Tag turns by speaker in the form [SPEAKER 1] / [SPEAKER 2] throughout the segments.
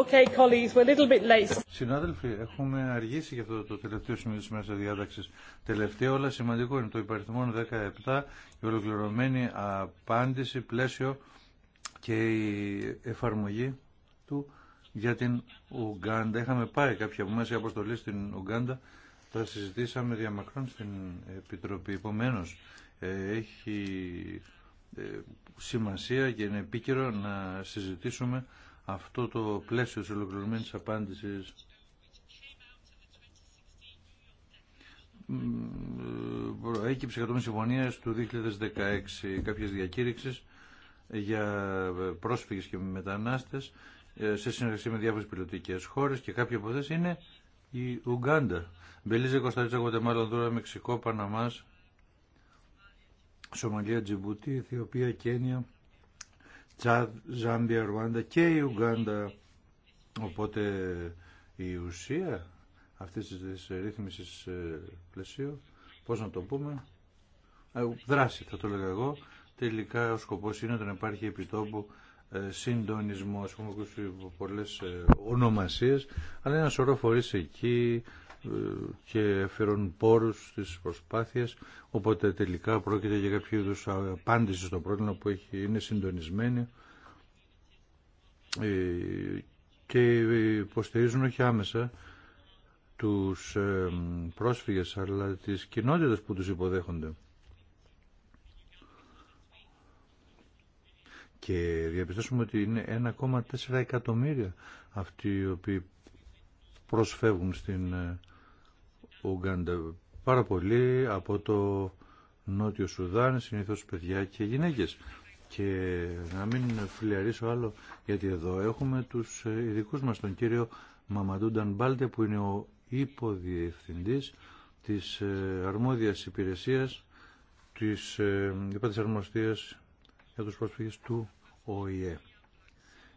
[SPEAKER 1] Okay, colleagues, we're a little bit late.
[SPEAKER 2] Συνάδελφοι, έχουμε αργήσει για αυτό το τελευταίο σημείο της μέσα διάταξης. Τελευταίο, αλλά σημαντικό είναι το υπαριθμό 17, η ολοκληρωμένη απάντηση, πλαίσιο και η εφαρμογή του για την Ουγγάντα. Είχαμε πάει κάποια από μέσα αποστολή στην Ουγγάντα. τα συζητήσαμε διαμακρών στην Επιτροπή. Επομένω, ε, έχει ε, σημασία και είναι επίκαιρο να συζητήσουμε αυτό το πλαίσιο της ολοκληρωμένης απάντησης προέκυψε κατόπιν συμφωνίας του 2016 κάποιες διακήρυξεις για πρόσφυγες και μετανάστες ε, σε συνεργασία με διάφορες πιλωτικές χώρες και κάποια από αυτές είναι η Ουγκάντα. Μπελίζε, Κωνσταντίζα Γουατεμάλα, Δούρα, Μεξικό, Παναμάς, Σομαλία, Τζιμπούτι, Αιθιοπία, Κένια, Ζάμπια, Ρουάντα και η Ουγγάντα. Οπότε η ουσία αυτή της ρύθμιση ε, πλαισίου, Πώ να το πούμε, ε, δράση θα το έλεγα εγώ, τελικά ο σκοπό είναι να υπάρχει επιτόπου ε, συντονισμό. Έχουμε ακούσει πολλέ ονομασίες, αλλά ένα σωρό φορεί εκεί, και φέρουν πόρους στις προσπάθειες, οπότε τελικά πρόκειται για κάποιο είδου απάντηση στο πρόβλημα που έχει, είναι συντονισμένη ε, και υποστηρίζουν όχι άμεσα τους ε, πρόσφυγες αλλά τις κοινότητες που τους υποδέχονται. Και διαπιστώσουμε ότι είναι 1,4 εκατομμύρια αυτοί οι οποίοι προσφεύγουν στην ε, Ουγγάντα. Πάρα πολύ από το Νότιο Σουδάν, συνήθως παιδιά και γυναίκες. Και να μην φιλιαρίσω άλλο, γιατί εδώ έχουμε τους ε, ειδικού μας, τον κύριο Μαμαντούνταν Μπάλτε, που είναι ο υποδιευθυντής της ε, αρμόδιας υπηρεσίας της υπάτης αρμοστίας για τους πρόσφυγες του ΟΗΕ.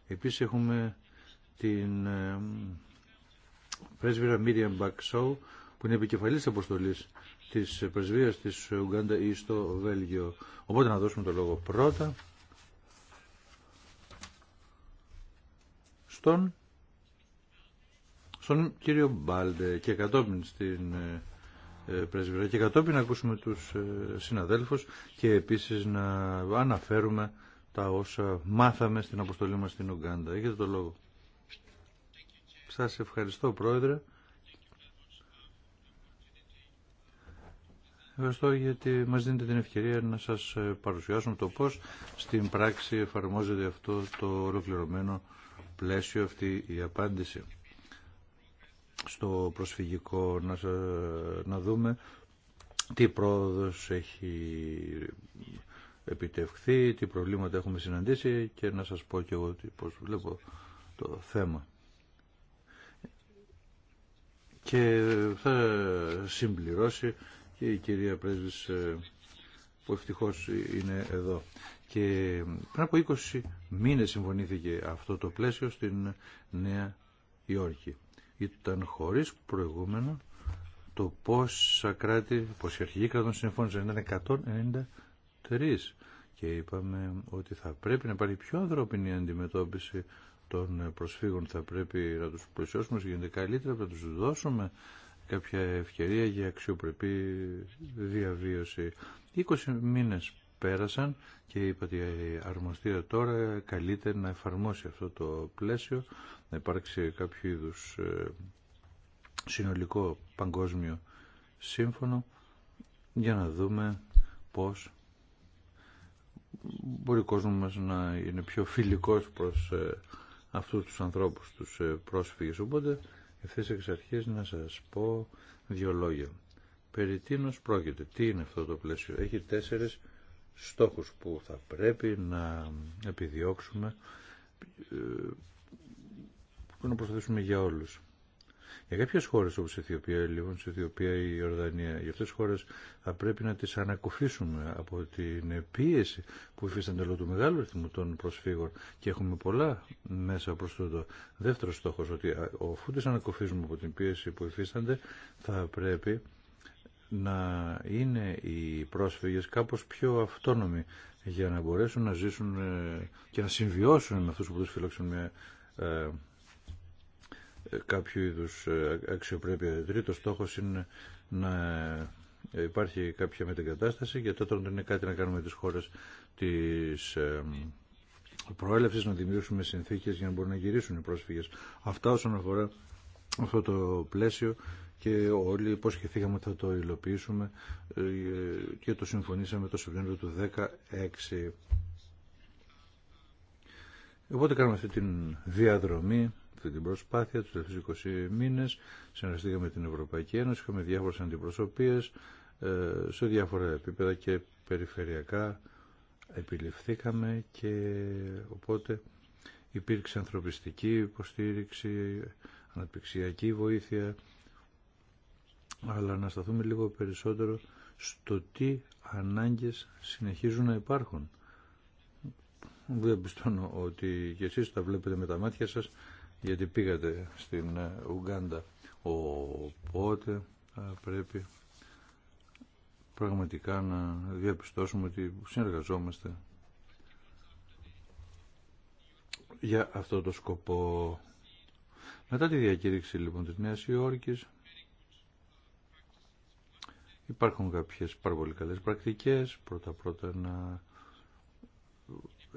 [SPEAKER 2] Επίσης έχουμε την πρέσβυρα Μίριαμ Μπαξόου που είναι επικεφαλή αποστολή τη πρεσβείας τη Ουγγάντα ή στο Βέλγιο. Οπότε να δώσουμε το λόγο πρώτα στον, στον κύριο Μπάλντε και κατόπιν στην ε, ε, πρεσβεία και κατόπιν να ακούσουμε τους ε, συναδέλφους και επίσης να αναφέρουμε τα όσα μάθαμε στην αποστολή μας στην Ουγγάντα. Έχετε το λόγο. Σας ευχαριστώ Πρόεδρε. Ευχαριστώ γιατί μας δίνετε την ευκαιρία να σας ε, παρουσιάσουμε το πώς στην πράξη εφαρμόζεται αυτό το ολοκληρωμένο πλαίσιο, αυτή η απάντηση στο προσφυγικό, να, να δούμε τι πρόοδος έχει επιτευχθεί, τι προβλήματα έχουμε συναντήσει και να σας πω και εγώ πώς βλέπω το θέμα και θα συμπληρώσει και η κυρία Πρέσβης ε, που ευτυχώς είναι εδώ. Και πριν από 20 μήνες συμφωνήθηκε αυτό το πλαίσιο στην Νέα Υόρκη. Ήταν χωρίς προηγούμενο το πόσα κράτη, πόσοι αρχηγοί κρατών συμφώνησαν, ήταν 193 και είπαμε ότι θα πρέπει να υπάρχει πιο ανθρώπινη αντιμετώπιση των προσφύγων θα πρέπει να τους πλησιώσουμε όσο γίνεται καλύτερα, να τους δώσουμε κάποια ευκαιρία για αξιοπρεπή διαβίωση. 20 μήνες πέρασαν και είπα ότι η αρμοστία τώρα καλείται να εφαρμόσει αυτό το πλαίσιο, να υπάρξει κάποιο είδου ε, συνολικό παγκόσμιο σύμφωνο για να δούμε πώς μπορεί ο κόσμος μας να είναι πιο φιλικός προς ε, αυτούς τους ανθρώπους, τους ε, πρόσφυγες. Οπότε ευθύς εξ αρχής να σας πω δύο λόγια. Περί τίνος πρόκειται. Τι είναι αυτό το πλαίσιο. Έχει τέσσερες στόχους που θα πρέπει να επιδιώξουμε ε, που να προσπαθήσουμε για όλους. Για κάποιες χώρε όπω η Αιθιοπία, η Λίβων, η Αιθιοπία, η Ιορδανία, για αυτέ τι χώρε θα πρέπει να τι ανακουφίσουμε από την πίεση που υφίστανται λόγω του μεγάλου ρυθμού των προσφύγων και έχουμε πολλά μέσα προς το δεύτερο στόχο, ότι αφού τις ανακουφίσουμε από την πίεση που υφίστανται θα πρέπει να είναι οι πρόσφυγες κάπως πιο αυτόνομοι για να μπορέσουν να ζήσουν ε, και να συμβιώσουν με αυτούς που τους φιλόξενουν μια ε, ε, κάποιο είδους ε, αξιοπρέπεια. Τρίτος στόχος είναι να ε, υπάρχει κάποια μετεγκατάσταση και τότε είναι κάτι να κάνουμε με τις χώρες της προέλευσης, να δημιουργήσουμε συνθήκες για να μπορούν να γυρίσουν οι πρόσφυγες. Αυτά όσον αφορά αυτό το πλαίσιο και όλοι υποσχεθήκαμε ότι θα το υλοποιήσουμε και το συμφωνήσαμε το Σεπτέμβριο του 2016. Οπότε κάνουμε αυτή την διαδρομή αυτή την προσπάθεια του τελευταίους 20 μήνες. Συνεργαστήκαμε την Ευρωπαϊκή Ένωση, είχαμε διάφορες αντιπροσωπείες ε, σε διάφορα επίπεδα και περιφερειακά επιληφθήκαμε και οπότε υπήρξε ανθρωπιστική υποστήριξη, αναπτυξιακή βοήθεια, αλλά να σταθούμε λίγο περισσότερο στο τι ανάγκες συνεχίζουν να υπάρχουν. Δεν πιστώνω ότι και εσείς τα βλέπετε με τα μάτια σας γιατί πήγατε στην ε, Ουγκάντα. Οπότε ε, πρέπει πραγματικά να διαπιστώσουμε ότι συνεργαζόμαστε για αυτό το σκοπό. Μετά τη διακήρυξη λοιπόν της Νέας Υόρκης υπάρχουν κάποιες πάρα πολύ καλές πρακτικές. Πρώτα-πρώτα να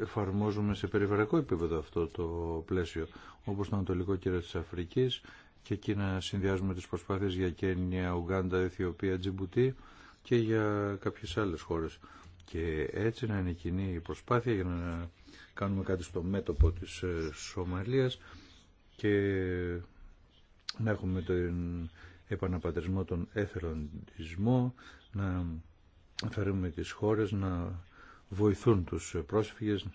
[SPEAKER 2] εφαρμόζουμε σε περιφερειακό επίπεδο αυτό το πλαίσιο, όπως το Ανατολικό κύριο της Αφρικής και εκεί να συνδυάζουμε τις προσπάθειες για Κένια, Ουγγάντα, Αιθιοπία, Τζιμπουτή και για κάποιες άλλες χώρες. Και έτσι να είναι κοινή η προσπάθεια για να κάνουμε κάτι στο μέτωπο της ε, Σομαλίας και να έχουμε τον επαναπατρισμό, τον εθελοντισμό, να φέρουμε τις χώρες να βοηθούν τους πρόσφυγες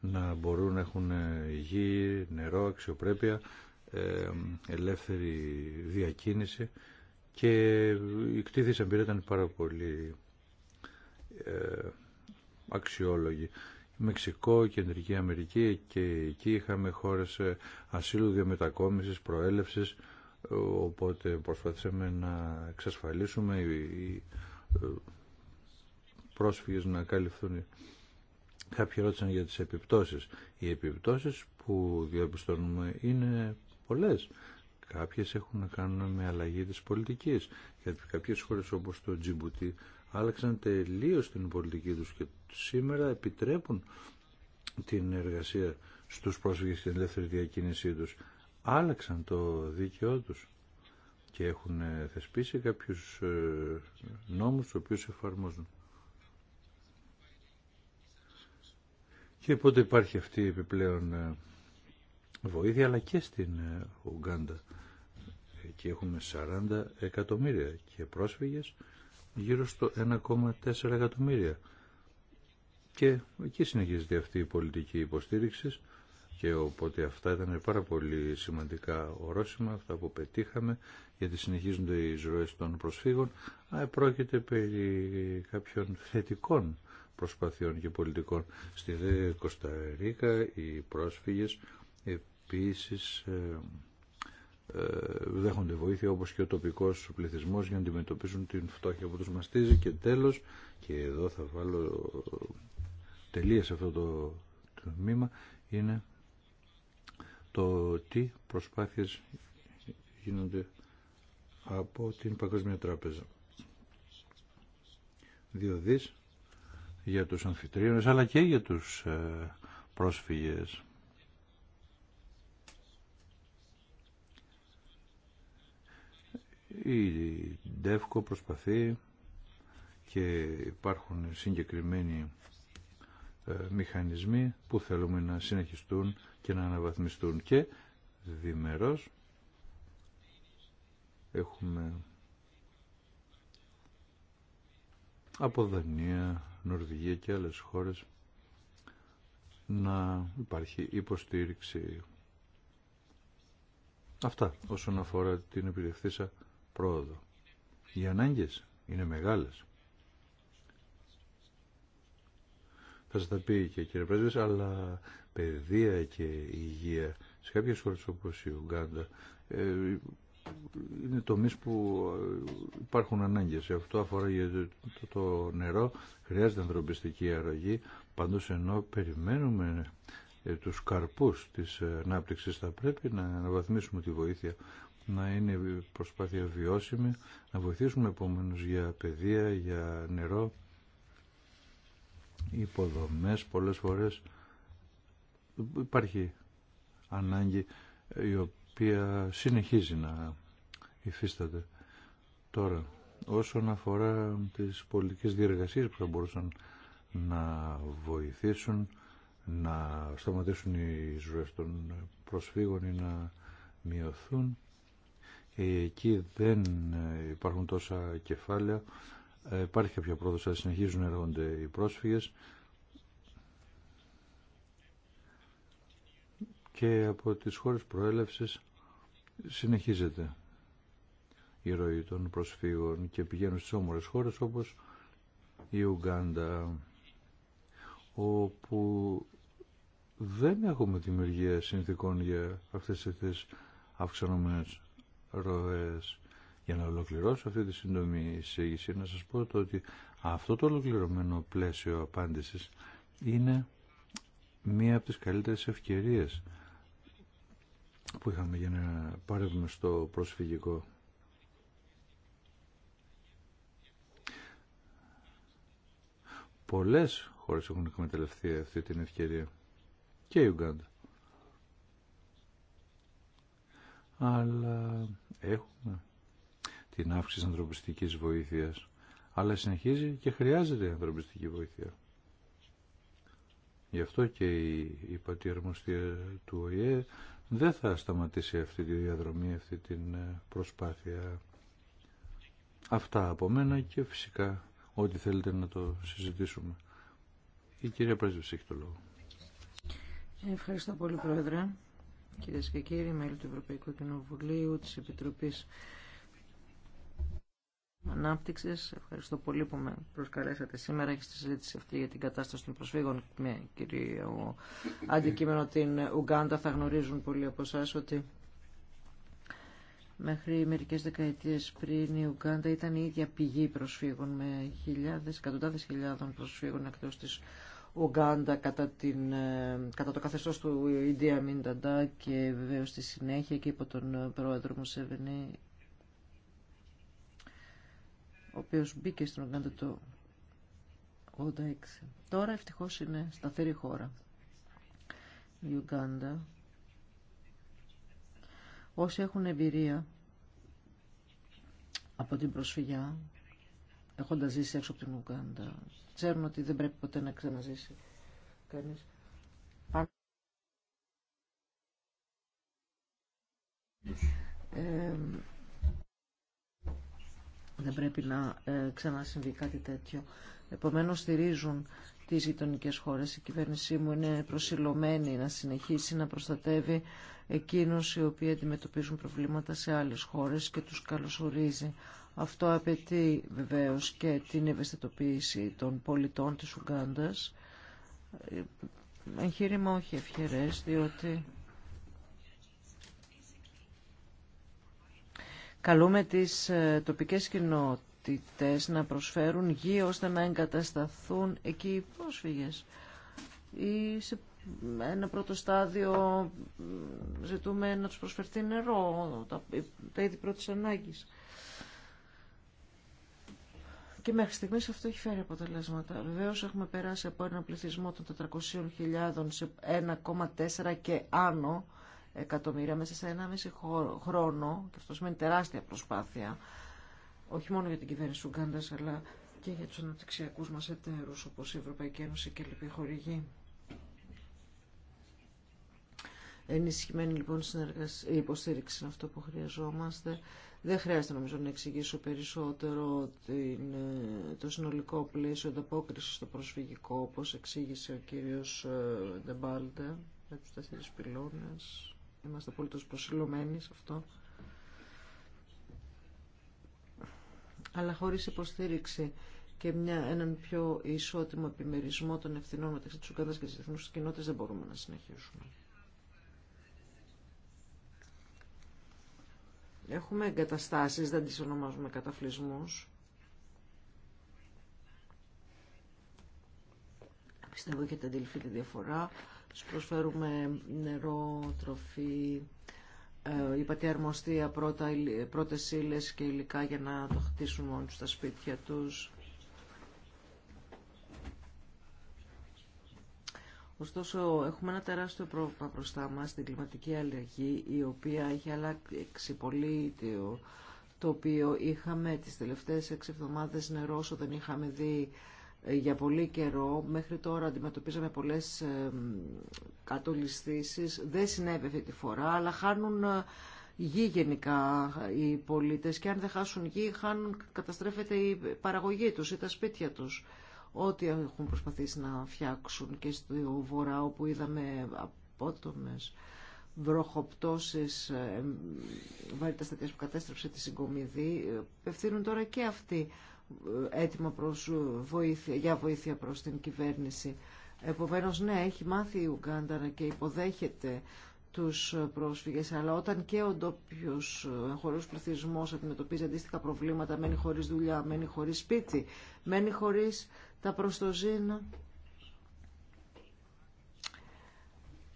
[SPEAKER 2] να μπορούν να έχουν γη, νερό, αξιοπρέπεια, ε, ελεύθερη διακίνηση και η κτήθης εμπειρία ήταν πάρα πολύ ε, αξιόλογη. Μεξικό, Κεντρική Αμερική και εκεί είχαμε χώρες ε, ασύλου διαμετακόμισης, προέλευσης, οπότε προσπαθήσαμε να εξασφαλίσουμε πρόσφυγες να καλυφθούν. Κάποιοι ρώτησαν για τις επιπτώσεις. Οι επιπτώσεις που διαπιστώνουμε είναι πολλές. Κάποιες έχουν να κάνουν με αλλαγή της πολιτικής. Γιατί κάποιες χώρες όπως το Τζιμπουτί άλλαξαν τελείως την πολιτική τους και σήμερα επιτρέπουν την εργασία στους πρόσφυγες και την ελεύθερη διακίνησή τους. Άλλαξαν το δίκαιό τους και έχουν θεσπίσει κάποιους ε, νόμους τους οποίους εφαρμόζουν. Και οπότε υπάρχει αυτή η επιπλέον ε, βοήθεια, αλλά και στην ε, Ουγγάντα. Εκεί έχουμε 40 εκατομμύρια και πρόσφυγες γύρω στο 1,4 εκατομμύρια. Και εκεί συνεχίζεται αυτή η πολιτική υποστήριξη και οπότε αυτά ήταν πάρα πολύ σημαντικά ορόσημα, αυτά που πετύχαμε, γιατί συνεχίζονται οι ζωές των προσφύγων. Α, πρόκειται περί κάποιων θετικών προσπαθειών και πολιτικών. Στη Κωνσταντίνα οι πρόσφυγες επίσης ε, ε, δέχονται βοήθεια όπως και ο τοπικός πληθυσμός για να αντιμετωπίσουν την φτώχεια που τους μαστίζει και τέλος και εδώ θα βάλω τελεία σε αυτό το τμήμα είναι το τι προσπάθειες γίνονται από την Παγκόσμια Τράπεζα. Δύο δις για τους αμφιτρίωνες αλλά και για τους ε, πρόσφυγες. Η ΔΕΦΚΟ προσπαθεί και υπάρχουν συγκεκριμένοι ε, μηχανισμοί που θέλουμε να συνεχιστούν και να αναβαθμιστούν και διμερός έχουμε από Νορβηγία και άλλες χώρες να υπάρχει υποστήριξη. Αυτά όσον αφορά την επιδεχθήσα πρόοδο. Οι ανάγκες είναι μεγάλες. Θα σας τα πει και κύριε Πρέσβες, αλλά παιδεία και υγεία σε κάποιες χώρες όπως η Ουγγάντα ε, είναι τομεί που ε, υπάρχουν ανάγκες. Αυτό αφορά για το, νερό, χρειάζεται ανθρωπιστική αρρωγή, Πάντω ενώ περιμένουμε ε, τους καρπούς της ανάπτυξη θα πρέπει να αναβαθμίσουμε τη βοήθεια να είναι προσπάθεια βιώσιμη, να βοηθήσουμε επομένως για παιδεία, για νερό, υποδομές πολλές φορές. Ε, υπάρχει ανάγκη οποία συνεχίζει να υφίσταται τώρα όσον αφορά τις πολιτικές διεργασίες που θα μπορούσαν να βοηθήσουν να σταματήσουν οι ζωές των προσφύγων ή να μειωθούν. Εκεί δεν υπάρχουν τόσα κεφάλαια. Ε, υπάρχει κάποια πρόοδος, να συνεχίζουν να έρχονται οι πρόσφυγες και από τις χώρες προέλευσης συνεχίζεται η ροή των προσφύγων και πηγαίνουν στις όμορες χώρες όπως η Ουγκάντα όπου δεν έχουμε δημιουργία συνθήκων για αυτές τις αυξανόμενες ροές. Για να ολοκληρώσω αυτή τη σύντομη εισήγηση, να σας πω ότι αυτό το ολοκληρωμένο πλαίσιο απάντησης είναι μία από τις καλύτερες ευκαιρίες που είχαμε για να παρεύουμε στο προσφυγικό. Πολλές χώρες έχουν εκμεταλλευτεί αυτή την ευκαιρία. Και η Ουγγάντα. Αλλά έχουμε την αύξηση ανθρωπιστικής βοήθειας. Αλλά συνεχίζει και χρειάζεται ανθρωπιστική βοήθεια. Γι' αυτό και η, η του ΟΗΕ δεν θα σταματήσει αυτή τη διαδρομή, αυτή την ε, προσπάθεια. Αυτά από μένα και φυσικά ό,τι θέλετε να το συζητήσουμε. Η κυρία Πρέσβης έχει το λόγο.
[SPEAKER 3] Ευχαριστώ πολύ Πρόεδρε. Κυρίε και κύριοι, μέλη του Ευρωπαϊκού Κοινοβουλίου, της Επιτροπής Ανάπτυξη. Ευχαριστώ πολύ που με προσκαλέσατε σήμερα και στη συζήτηση αυτή για την κατάσταση των προσφύγων με κύριο αντικείμενο την Ουγγάντα Θα γνωρίζουν πολλοί από εσά ότι μέχρι μερικές δεκαετίες πριν η Ουγγάντα ήταν η ίδια πηγή προσφύγων με χιλιάδες, εκατοντάδες χιλιάδων προσφύγων εκτός της Ουγγάντα κατά, την, ε, κατά το καθεστώς του Ιντία Μινταντά και βεβαίως στη συνέχεια και υπό τον πρόεδρο Μουσέβενη ο οποίος μπήκε στην Ουγγάντα το 86. Τώρα ευτυχώς είναι σταθερή χώρα. Η Ουγγάντα. Όσοι έχουν εμπειρία από την προσφυγιά, έχοντας ζήσει έξω από την Ουγγάντα, ξέρουν ότι δεν πρέπει ποτέ να ξαναζήσει κανείς. Ε, δεν πρέπει να ε, ξανασυμβεί κάτι τέτοιο. Επομένως στηρίζουν τις γειτονικέ χώρες. Η κυβέρνησή μου είναι προσιλωμένη να συνεχίσει να προστατεύει εκείνους οι οποίοι αντιμετωπίζουν προβλήματα σε άλλες χώρες και τους καλωσορίζει. Αυτό απαιτεί βεβαίως και την ευαισθητοποίηση των πολιτών της Ουγγάντας. Ε, εγχείρημα όχι ευχερές, διότι καλούμε τις ε, τοπικές κοινότητες να προσφέρουν γη ώστε να εγκατασταθούν εκεί οι πρόσφυγες. Ή σε ένα πρώτο στάδιο ζητούμε να τους προσφερθεί νερό, τα είδη πρώτης ανάγκης. Και μέχρι στιγμή αυτό έχει φέρει αποτελέσματα. Βεβαίω έχουμε περάσει από ένα πληθυσμό των 400.000 σε 1,4 και άνω εκατομμύρια μέσα σε ένα μισή χρόνο, και αυτό σημαίνει τεράστια προσπάθεια, όχι μόνο για την κυβέρνηση Ουγκάντας, αλλά και για τους αναπτυξιακούς μας εταίρους, όπως η Ευρωπαϊκή Ένωση και λοιπή χορηγή. Ενισχυμένη λοιπόν η υποστήριξη είναι αυτό που χρειαζόμαστε. Δεν χρειάζεται νομίζω να εξηγήσω περισσότερο την, ε, το συνολικό πλαίσιο ανταπόκριση στο προσφυγικό, όπως εξήγησε ο κύριος ε, Ντεμπάλτε, με τους τέσσερις πυλώνες. Είμαστε απολύτως προσιλωμένοι σε αυτό. Αλλά χωρίς υποστήριξη και μια, έναν πιο ισότιμο επιμερισμό των ευθυνών μεταξύ της Ουκάνδας και της Εθνούς Κοινότητας δεν μπορούμε να συνεχίσουμε. Έχουμε εγκαταστάσεις, δεν τις ονομάζουμε καταφλισμούς. Πιστεύω έχετε αντιληφθεί τη διαφορά. Τους προσφέρουμε νερό, τροφή, ε, αρμοστία, πρώτα, πρώτες ύλες και υλικά για να το χτίσουν μόνοι στα σπίτια τους. Ωστόσο, έχουμε ένα τεράστιο πρόβλημα μπροστά μας, την κλιματική αλλαγή, η οποία έχει αλλάξει πολύ το οποίο είχαμε τις τελευταίες έξι εβδομάδες νερό, όσο δεν είχαμε δει ε, για πολύ καιρό. Μέχρι τώρα αντιμετωπίζαμε πολλές ε, κατολιστήσεις. Δεν συνέβη αυτή τη φορά, αλλά χάνουν ε, γη γενικά οι πολίτες και αν δεν χάσουν γη χάνουν, καταστρέφεται η παραγωγή τους ή τα σπίτια τους. Ό,τι έχουν προσπαθήσει να φτιάξουν και στο βορρά όπου είδαμε απότομες βροχοπτώσεις, τα στατιάς που κατέστρεψε τη συγκομιδή, ευθύνουν τώρα και αυτοί έτοιμο προς ε, βοήθεια, για βοήθεια προς την κυβέρνηση. Επομένως, ναι, έχει μάθει η Ουγκάντα και υποδέχεται τους πρόσφυγες, αλλά όταν και ο ντόπιο ε, χωρίς πληθυσμός αντιμετωπίζει αντίστοιχα προβλήματα, μένει χωρίς δουλειά, μένει χωρίς σπίτι, μένει χωρίς τα προστοζήνα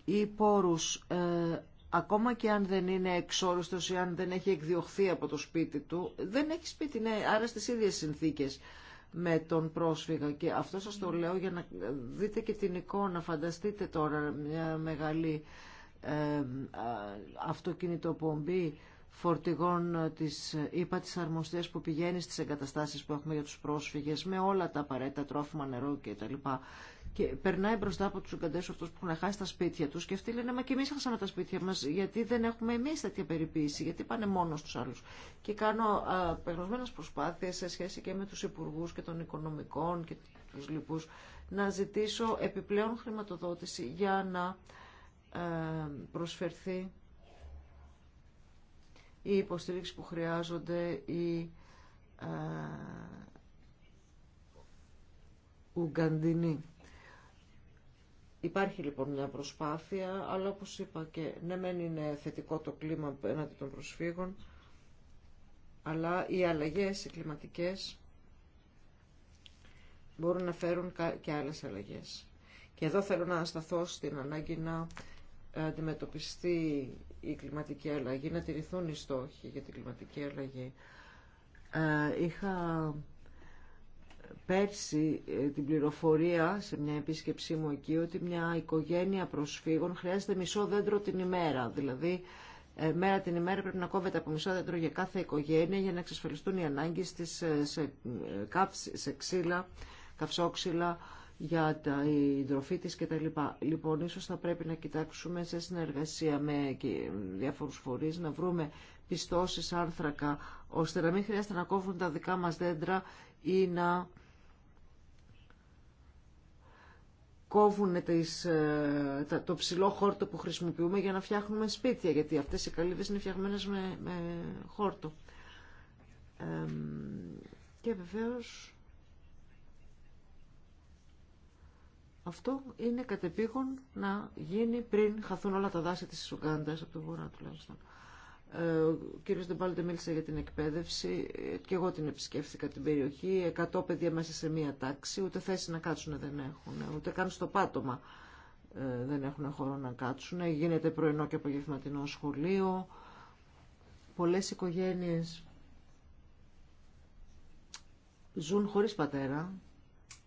[SPEAKER 3] ή πόρους, ε, ακόμα και αν δεν είναι εξόριστος ή αν δεν έχει εκδιωχθεί από το σπίτι του, δεν έχει σπίτι, ναι, άρα στις ίδιες συνθήκες με τον πρόσφυγα. Και αυτό σας το λέω για να δείτε και την εικόνα, φανταστείτε τώρα μια μεγάλη ε, αυτοκινητοπομπή φορτηγών της ΥΠΑ της αρμοστίας που πηγαίνει στις εγκαταστάσεις που έχουμε για τους πρόσφυγες με όλα τα απαραίτητα τρόφιμα, νερό και τα λοιπά και περνάει μπροστά από του Ουγγαντέ αυτού που έχουν χάσει τα σπίτια του και αυτοί λένε Μα και εμεί χάσαμε τα σπίτια μα, γιατί δεν έχουμε εμεί τέτοια περιποίηση, γιατί πάνε μόνο στου άλλου. Και κάνω απεγνωσμένε προσπάθειε σε σχέση και με του υπουργού και των οικονομικών και του λοιπού να ζητήσω επιπλέον χρηματοδότηση για να ε, προσφερθεί η υποστήριξη που χρειάζονται οι ε, Ουγγαντινοί. Υπάρχει λοιπόν μια προσπάθεια, αλλά όπως είπα και ναι μεν είναι θετικό το κλίμα έναντι των προσφύγων, αλλά οι αλλαγές, οι κλιματικές, μπορούν να φέρουν και άλλες αλλαγές. Και εδώ θέλω να σταθώ στην ανάγκη να αντιμετωπιστεί η κλιματική αλλαγή, να τηρηθούν οι στόχοι για την κλιματική αλλαγή. Ε, είχα πέρσι ε, την πληροφορία σε μια επίσκεψή μου εκεί ότι μια οικογένεια προσφύγων χρειάζεται μισό δέντρο την ημέρα. Δηλαδή, ε, μέρα την ημέρα πρέπει να κόβεται από μισό δέντρο για κάθε οικογένεια για να εξασφαλιστούν οι ανάγκε τη ε, σε, σε ξύλα, καυσόξυλα, για τα, η ντροφή της κτλ. Λοιπόν, ίσως θα πρέπει να κοιτάξουμε σε συνεργασία με διάφορους φορείς να βρούμε πιστώσεις, άνθρακα, ώστε να μην χρειάζεται να κόβουν τα δικά μας δέντρα ή να κόβουν τις, ε, το ψηλό χόρτο που χρησιμοποιούμε για να φτιάχνουμε σπίτια, γιατί αυτές οι καλύβες είναι φτιαγμένες με, χόρτο. και βεβαίως αυτό είναι κατεπήγον να γίνει πριν χαθούν όλα τα δάση της Ουγκάντας από το βορρά τουλάχιστον. Ε, ο κύριος Ντεμπάλτε μίλησε για την εκπαίδευση ε, και εγώ την επισκέφθηκα την περιοχή. 100 παιδιά μέσα σε μία τάξη, ούτε θέση να κάτσουν δεν έχουν, ούτε καν στο πάτωμα ε, δεν έχουν χώρο να κάτσουν. Γίνεται πρωινό και απογευματινό σχολείο. Πολλές οικογένειες ζουν χωρίς πατέρα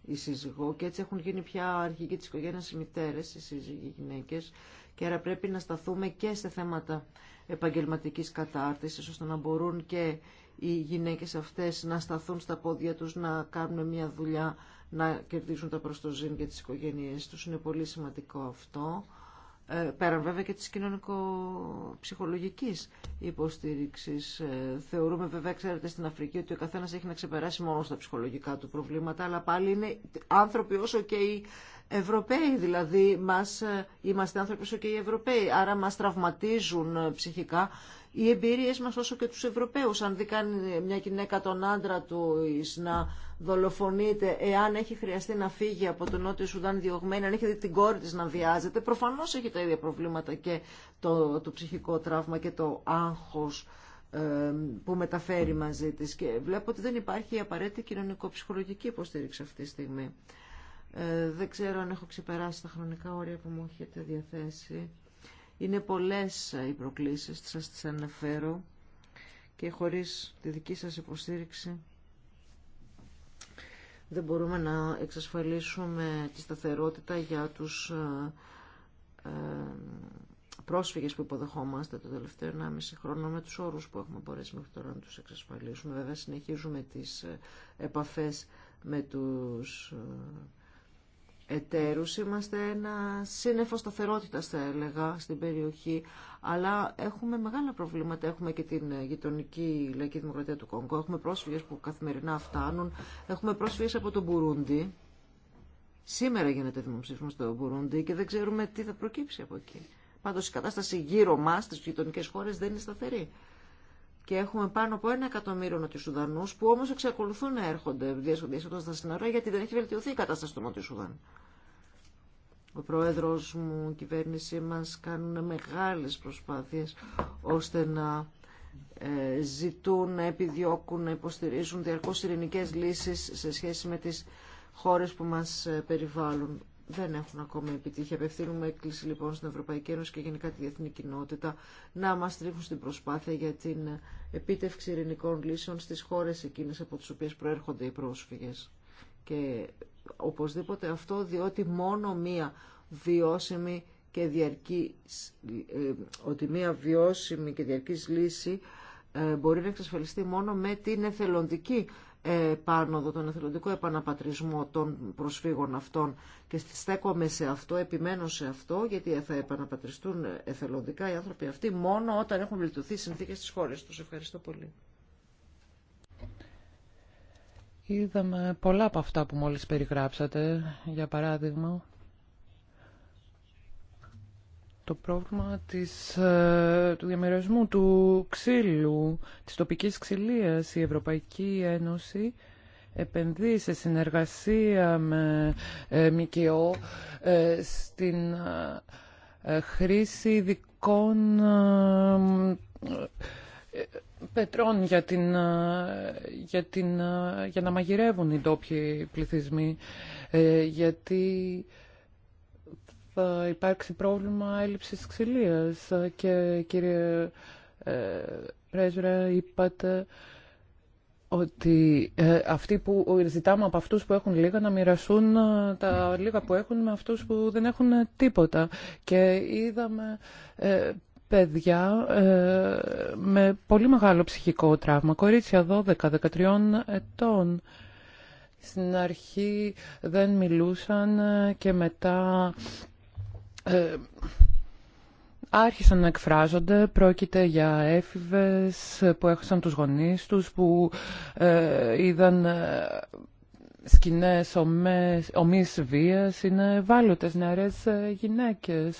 [SPEAKER 3] η σύζυγο και έτσι έχουν γίνει πια αρχηγοί της οικογένειας οι μητέρες, οι σύζυγοι, οι γυναίκες και άρα πρέπει να σταθούμε και σε θέματα επαγγελματικής κατάρτισης, ώστε να μπορούν και οι γυναίκες αυτές να σταθούν στα πόδια τους, να κάνουν μια δουλειά, να κερδίσουν τα προστοζήν για τις οικογένειές τους. Είναι πολύ σημαντικό αυτό. Ε, πέραν βέβαια και της κοινωνικο-ψυχολογικής υποστήριξης. Ε, θεωρούμε βέβαια, ξέρετε, στην Αφρική ότι ο καθένας έχει να ξεπεράσει μόνο στα ψυχολογικά του προβλήματα, αλλά πάλι είναι άνθρωποι όσο και οι Ευρωπαίοι δηλαδή, μας, ε, είμαστε άνθρωποι όσο και οι Ευρωπαίοι, άρα μας τραυματίζουν ε, ψυχικά οι εμπειρίες μας όσο και τους Ευρωπαίους. Αν δει κάνει μια γυναίκα τον άντρα του να δολοφονείται, εάν έχει χρειαστεί να φύγει από τον Νότιο Σουδάν διωγμένη, αν έχει δει την κόρη της να βιάζεται, προφανώς έχει τα ίδια προβλήματα και το, το ψυχικό τραύμα και το άγχος ε, που μεταφέρει μαζί της και βλέπω ότι δεν υπάρχει η απαραίτητη κοινωνικο-ψυχολογική υποστήριξη αυτή τη στιγμή. Ε, δεν ξέρω αν έχω ξεπεράσει τα χρονικά όρια που μου έχετε διαθέσει. Είναι πολλές ε, οι προκλήσεις, σας τις αναφέρω και χωρίς τη δική σας υποστήριξη δεν μπορούμε να εξασφαλίσουμε τη σταθερότητα για τους ε, πρόσφυγες που υποδεχόμαστε το τελευταίο 1,5 χρόνο με τους όρους που έχουμε μπορέσει μέχρι τώρα να τους εξασφαλίσουμε. Βέβαια συνεχίζουμε τις επαφές με τους εταίρους. Είμαστε ένα σύννεφο σταθερότητα θα έλεγα, στην περιοχή. Αλλά έχουμε μεγάλα προβλήματα. Έχουμε και την γειτονική λαϊκή δημοκρατία του Κόγκο. Έχουμε πρόσφυγες που καθημερινά φτάνουν. Έχουμε πρόσφυγες από τον Μπουρούντι. Σήμερα γίνεται δημοψήφισμα στο Μπουρούντι και δεν ξέρουμε τι θα προκύψει από εκεί. Πάντως η κατάσταση γύρω μας, στις γειτονικές χώρες, δεν είναι σταθερή και έχουμε πάνω από ένα εκατομμύριο Νοτιοσουδανού που όμω εξακολουθούν να έρχονται διασχοντίζοντα τα σύνορα γιατί δεν έχει βελτιωθεί η κατάσταση του Νότιου Ο πρόεδρο μου, η κυβέρνησή μα κάνουν μεγάλε προσπάθειε ώστε να ε, ζητούν, να επιδιώκουν, να υποστηρίζουν διαρκώ ειρηνικέ λύσει σε σχέση με τι χώρε που μα ε, περιβάλλουν δεν έχουν ακόμη επιτύχει. Απευθύνουμε έκκληση λοιπόν στην Ευρωπαϊκή Ένωση και γενικά τη διεθνή κοινότητα να μας τρίχουν στην προσπάθεια για την επίτευξη ειρηνικών λύσεων στις χώρες εκείνες από τι οποίε προέρχονται οι πρόσφυγες. Και οπωσδήποτε αυτό διότι μόνο μία βιώσιμη και διαρκή, ε, ότι μία βιώσιμη και λύση ε, μπορεί να εξασφαλιστεί μόνο με την εθελοντική επάνωδο, τον εθελοντικό επαναπατρισμό των προσφύγων αυτών και στέκομαι σε αυτό, επιμένω σε αυτό, γιατί θα επαναπατριστούν εθελοντικά οι άνθρωποι αυτοί μόνο όταν έχουν βελτιωθεί οι συνθήκες της χώρας τους. Ευχαριστώ πολύ.
[SPEAKER 1] Είδαμε πολλά από αυτά που μόλις περιγράψατε, για παράδειγμα το πρόβλημα ε, του διαμερισμού του ξύλου, της τοπικής ξυλίας. Η Ευρωπαϊκή Ένωση επενδύει σε συνεργασία με ε, ΜΚΟ ε, στην χρήση ειδικών πετρών για, την, για, την, για να μαγειρεύουν οι ντόπιοι πληθυσμοί γιατί θα υπάρξει πρόβλημα έλλειψης ξυλίας και κύριε ε, Πρέσβερα είπατε ότι ε, αυτοί που ζητάμε από αυτούς που έχουν λίγα να μοιραστούν ε, τα λίγα που έχουν με αυτούς που δεν έχουν τίποτα. Και είδαμε παιδιά με πολύ μεγάλο ψυχικό τραύμα, κορίτσια 12-13 ετών. Στην αρχή δεν μιλούσαν και μετά ε, άρχισαν να εκφράζονται. Πρόκειται για έφηβες που έχασαν τους γονείς τους, που ε, είδαν ε, σκηνές ομής βίας, είναι ευάλωτες νεαρές γυναίκες.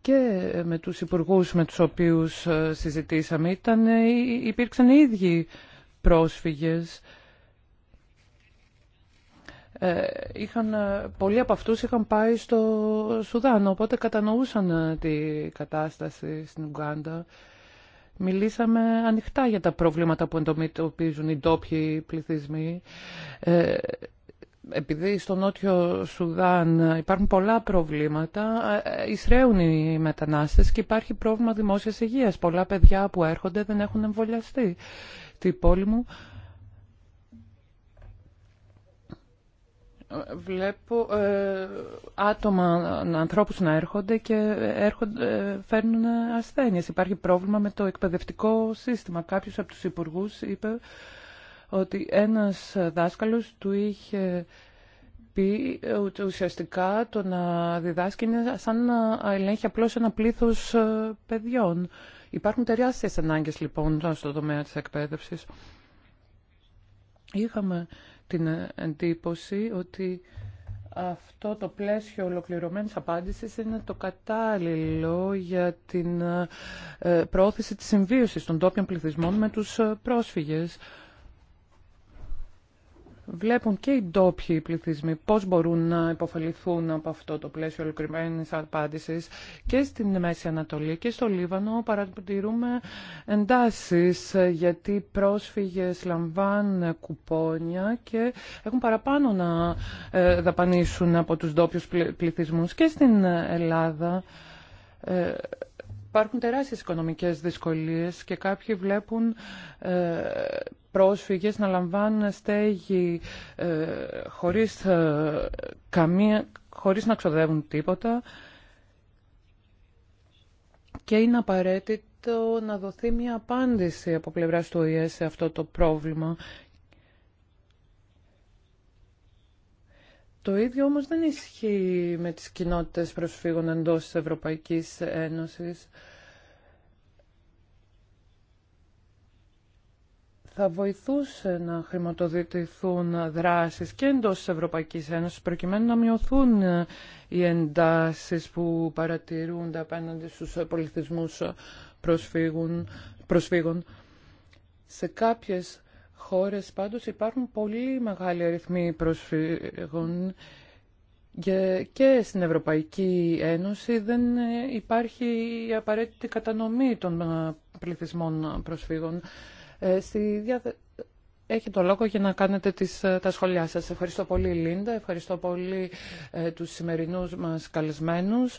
[SPEAKER 1] Και με τους υπουργούς με τους οποίους συζητήσαμε ήταν, υπήρξαν οι ίδιοι πρόσφυγες ε, είχαν, ε, πολλοί από αυτούς είχαν πάει στο Σουδάν, οπότε κατανοούσαν ε, τη κατάσταση στην Ουγγάντα Μιλήσαμε ανοιχτά για τα προβλήματα που εντοπίζουν οι ντόπιοι πληθυσμοί. επειδή στο Νότιο Σουδάν υπάρχουν πολλά προβλήματα, εισραίουν οι μετανάστες και υπάρχει πρόβλημα δημόσιας υγείας. Πολλά παιδιά που έρχονται δεν έχουν εμβολιαστεί. Την πόλη μου βλέπω ε, άτομα, ανθρώπους να έρχονται και έρχονται, ε, φέρνουν ασθένειες. Υπάρχει πρόβλημα με το εκπαιδευτικό σύστημα. Κάποιος από του υπουργού είπε ότι ένας δάσκαλος του είχε πει ότι ουσιαστικά το να διδάσκει είναι σαν να ελέγχει απλώς ένα πλήθος ε, παιδιών. Υπάρχουν τεράστιε ανάγκες λοιπόν στο τομέα τη εκπαίδευση. Είχαμε την εντύπωση ότι αυτό το πλαίσιο ολοκληρωμένης απάντησης είναι το κατάλληλο για την ε, πρόθεση της συμβίωσης των τόπιων πληθυσμών με τους ε, πρόσφυγες βλέπουν και οι ντόπιοι πληθυσμοί πώς μπορούν να υποφεληθούν από αυτό το πλαίσιο ολοκληρωμένη απάντηση και στην Μέση Ανατολή και στο Λίβανο παρατηρούμε εντάσεις γιατί πρόσφυγες λαμβάνουν κουπόνια και έχουν παραπάνω να ε, δαπανίσουν από τους ντόπιου πληθυσμούς και στην Ελλάδα ε, Υπάρχουν τεράστιες οικονομικές δυσκολίες και κάποιοι βλέπουν ε, πρόσφυγες να λαμβάνουν στέγη ε, χωρίς, ε, χωρίς να ξοδεύουν τίποτα και είναι απαραίτητο να δοθεί μια απάντηση από πλευράς του ΟΗΕ σε αυτό το πρόβλημα Το ίδιο όμως δεν ισχύει με τις κοινότητες προσφύγων εντός της Ευρωπαϊκής Ένωσης. θα βοηθούσε να χρηματοδοτηθούν δράσεις και εντός της Ευρωπαϊκής Ένωσης προκειμένου να μειωθούν οι εντάσεις που παρατηρούνται απέναντι στους πολιτισμούς προσφύγων. προσφύγων. Σε κάποιες χώρες πάντως υπάρχουν πολύ μεγάλοι αριθμοί προσφύγων και στην Ευρωπαϊκή Ένωση δεν υπάρχει η απαραίτητη κατανομή των ε, πληθυσμών προσφύγων. Ε, στη Έχει το λόγο για να κάνετε τις, ε, τα σχόλιά σας. Ευχαριστώ πολύ Λίντα, ευχαριστώ πολύ τους σημερινούς μας καλεσμένους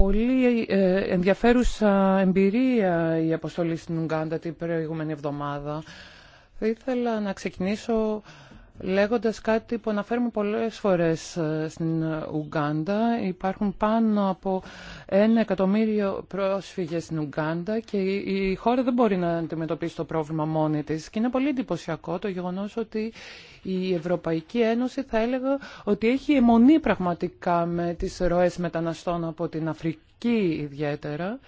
[SPEAKER 1] πολύ ε, ενδιαφέρουσα εμπειρία η αποστολή στην Ουγγάντα την προηγούμενη εβδομάδα. Θα ήθελα να ξεκινήσω λέγοντας κάτι που αναφέρουμε πολλές φορές ε, στην Ουγκάντα. Υπάρχουν πάνω από ένα εκατομμύριο πρόσφυγες στην Ουγκάντα και η χώρα δεν μπορεί να αντιμετωπίσει το πρόβλημα μόνη της. Και είναι πολύ εντυπωσιακό το γεγονός ότι η Ευρωπαϊκή Ένωση θα έλεγα ότι έχει αιμονή πραγματικά με τις ροές μεταναστών από την Αφρική ιδιαίτερα.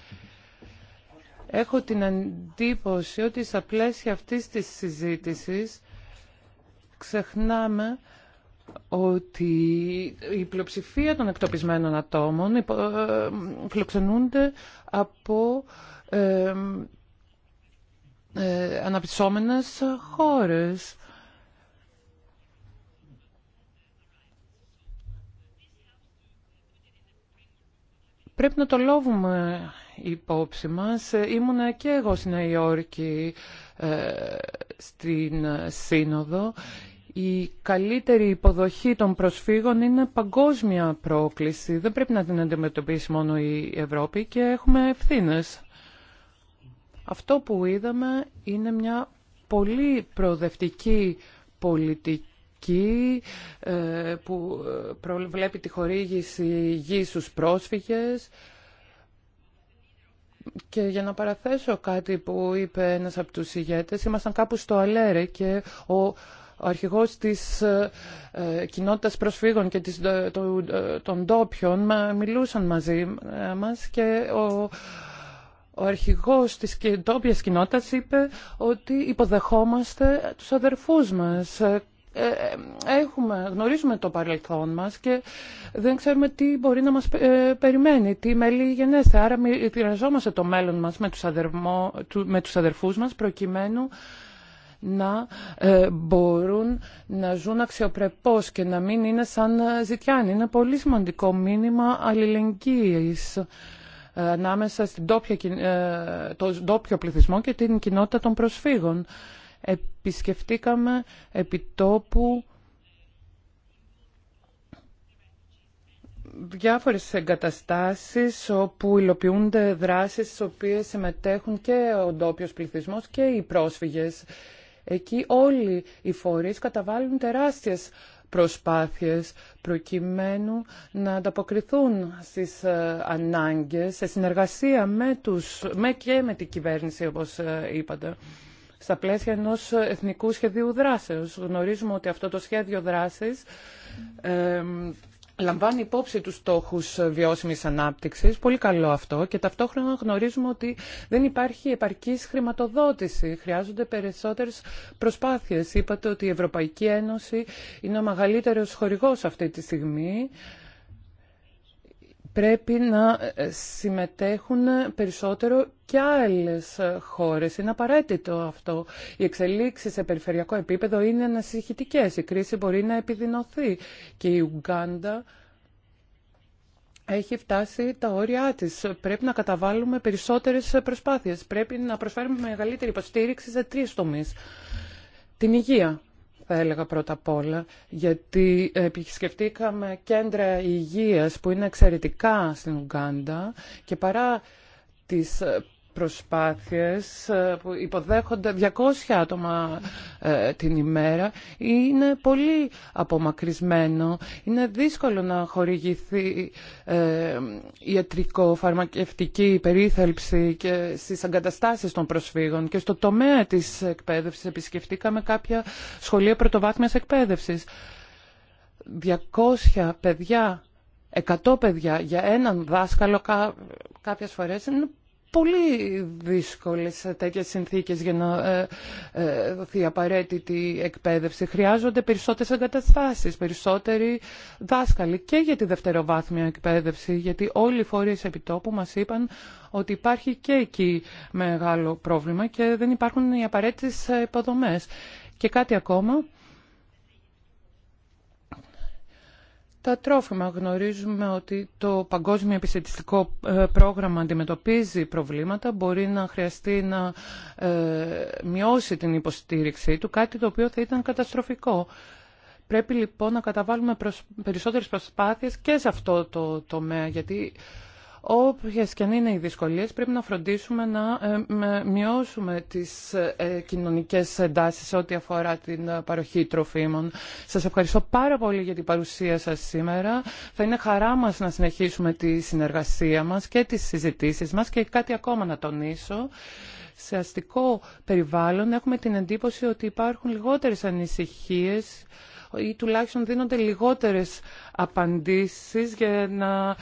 [SPEAKER 1] Έχω την εντύπωση ότι στα πλαίσια αυτής της συζήτησης ξεχνάμε ότι η πλειοψηφία των εκτοπισμένων ατόμων ε, φιλοξενούνται από ε, ε, χώρες. Πρέπει να το λόβουμε υπόψη μας. Ε, ήμουνα και εγώ στη Νέα Υόρκη ε, στην ε, Σύνοδο. Η καλύτερη υποδοχή των προσφύγων είναι παγκόσμια πρόκληση. Δεν πρέπει να την αντιμετωπίσει μόνο η Ευρώπη και έχουμε ευθύνες. Αυτό που είδαμε είναι μια πολύ προοδευτική πολιτική που βλέπει τη χορήγηση γη στους πρόσφυγες και για να παραθέσω κάτι που είπε ένας από τους ηγέτες, ήμασταν κάπου στο Αλέρε και ο ο αρχηγός της ε, ε, κοινότητας προσφύγων και της, ε, το, των ντόπιων μα, μιλούσαν μαζί μας και ο, ο αρχηγός της ντόπιας κοινότητας είπε ότι υποδεχόμαστε τους αδερφούς μας. Ε, ε, έχουμε, γνωρίζουμε το παρελθόν μας και δεν ξέρουμε τι μπορεί να μας ε, περιμένει, τι μέλη γενέστε. Άρα μοιραζόμαστε το μέλλον μας με τους, αδερμό, αδερφούς μας προκειμένου να μπορούν να ζουν αξιοπρεπώς και να μην είναι σαν ζητιάνοι. Είναι πολύ σημαντικό μήνυμα αλληλεγγύης ανάμεσα στον ντόπια, πληθυσμό και την κοινότητα των προσφύγων επισκεφτήκαμε επιτόπου διάφορες εγκαταστάσεις όπου υλοποιούνται δράσεις στις οποίες συμμετέχουν και ο ντόπιο πληθυσμός και οι πρόσφυγες. Εκεί όλοι οι φορείς καταβάλουν τεράστιες προσπάθειες προκειμένου να ανταποκριθούν στις ε, ανάγκες σε συνεργασία με τους, με και με την κυβέρνηση όπως ε, είπατε στα πλαίσια ενός εθνικού σχεδίου δράσεως. Γνωρίζουμε ότι αυτό το σχέδιο δράσης λαμβάνει υπόψη τους στόχους βιώσιμης ανάπτυξης, πολύ καλό αυτό, και ταυτόχρονα γνωρίζουμε ότι δεν υπάρχει επαρκής χρηματοδότηση, χρειάζονται περισσότερες προσπάθειες. Είπατε ότι η Ευρωπαϊκή Ένωση είναι ο μεγαλύτερος χορηγός αυτή τη στιγμή, πρέπει να ε, ε, συμμετέχουν περισσότερο και άλλες ε, χώρες. Είναι απαραίτητο αυτό. Οι εξελίξεις σε περιφερειακό επίπεδο είναι ανασυχητικές. Η κρίση μπορεί να επιδεινωθεί και η Ουγγάντα έχει φτάσει τα όρια της. Πρέπει να καταβάλουμε περισσότερες προσπάθειες. Πρέπει να προσφέρουμε μεγαλύτερη υποστήριξη σε τρεις τομείς. Την υγεία, θα έλεγα πρώτα απ' όλα, γιατί επισκεφτήκαμε κέντρα υγείας που είναι εξαιρετικά στην Ουγγάντα και παρά τις προσπάθειες ε, που υποδέχονται 200 άτομα ε, την ημέρα είναι πολύ απομακρυσμένο. Είναι δύσκολο να χορηγηθεί ε, ιατρικό, φαρμακευτική περίθαλψη και στις εγκαταστάσεις των προσφύγων και στο τομέα της εκπαίδευσης επισκεφτήκαμε κάποια σχολεία πρωτοβάθμιας εκπαίδευσης. 200 παιδιά 100 παιδιά για έναν δάσκαλο κάποιες φορές είναι πολύ δύσκολες τέτοιες συνθήκες για να ε, ε, δοθεί απαραίτητη εκπαίδευση. Χρειάζονται περισσότερες εγκαταστάσεις, περισσότεροι δάσκαλοι και για τη δευτεροβάθμια εκπαίδευση, γιατί όλοι οι φορείς επιτόπου μας είπαν ότι υπάρχει και εκεί μεγάλο πρόβλημα και δεν υπάρχουν οι απαραίτητες υποδομές. Και κάτι ακόμα, τα τρόφιμα. Γνωρίζουμε ότι το Παγκόσμιο Επιστημιστικό ε, Πρόγραμμα αντιμετωπίζει προβλήματα, μπορεί να χρειαστεί να ε, μειώσει την υποστήριξή του, κάτι το οποίο θα ήταν καταστροφικό. Πρέπει λοιπόν να καταβάλουμε περισσότερες προσπάθειες και σε αυτό το τομέα, γιατί Όποιες και αν είναι οι δυσκολίες πρέπει να φροντίσουμε να ε, μειώσουμε τις ε, κοινωνικές εντάσεις ό,τι αφορά την ε, παροχή τροφίμων. Σας ευχαριστώ πάρα πολύ για την παρουσία σας σήμερα. Θα είναι χαρά μας να συνεχίσουμε τη συνεργασία μας και τις συζητήσεις μας και κάτι ακόμα να τονίσω σε αστικό περιβάλλον έχουμε την εντύπωση ότι υπάρχουν λιγότερες ανησυχίες ή τουλάχιστον δίνονται λιγότερες απαντήσεις για να,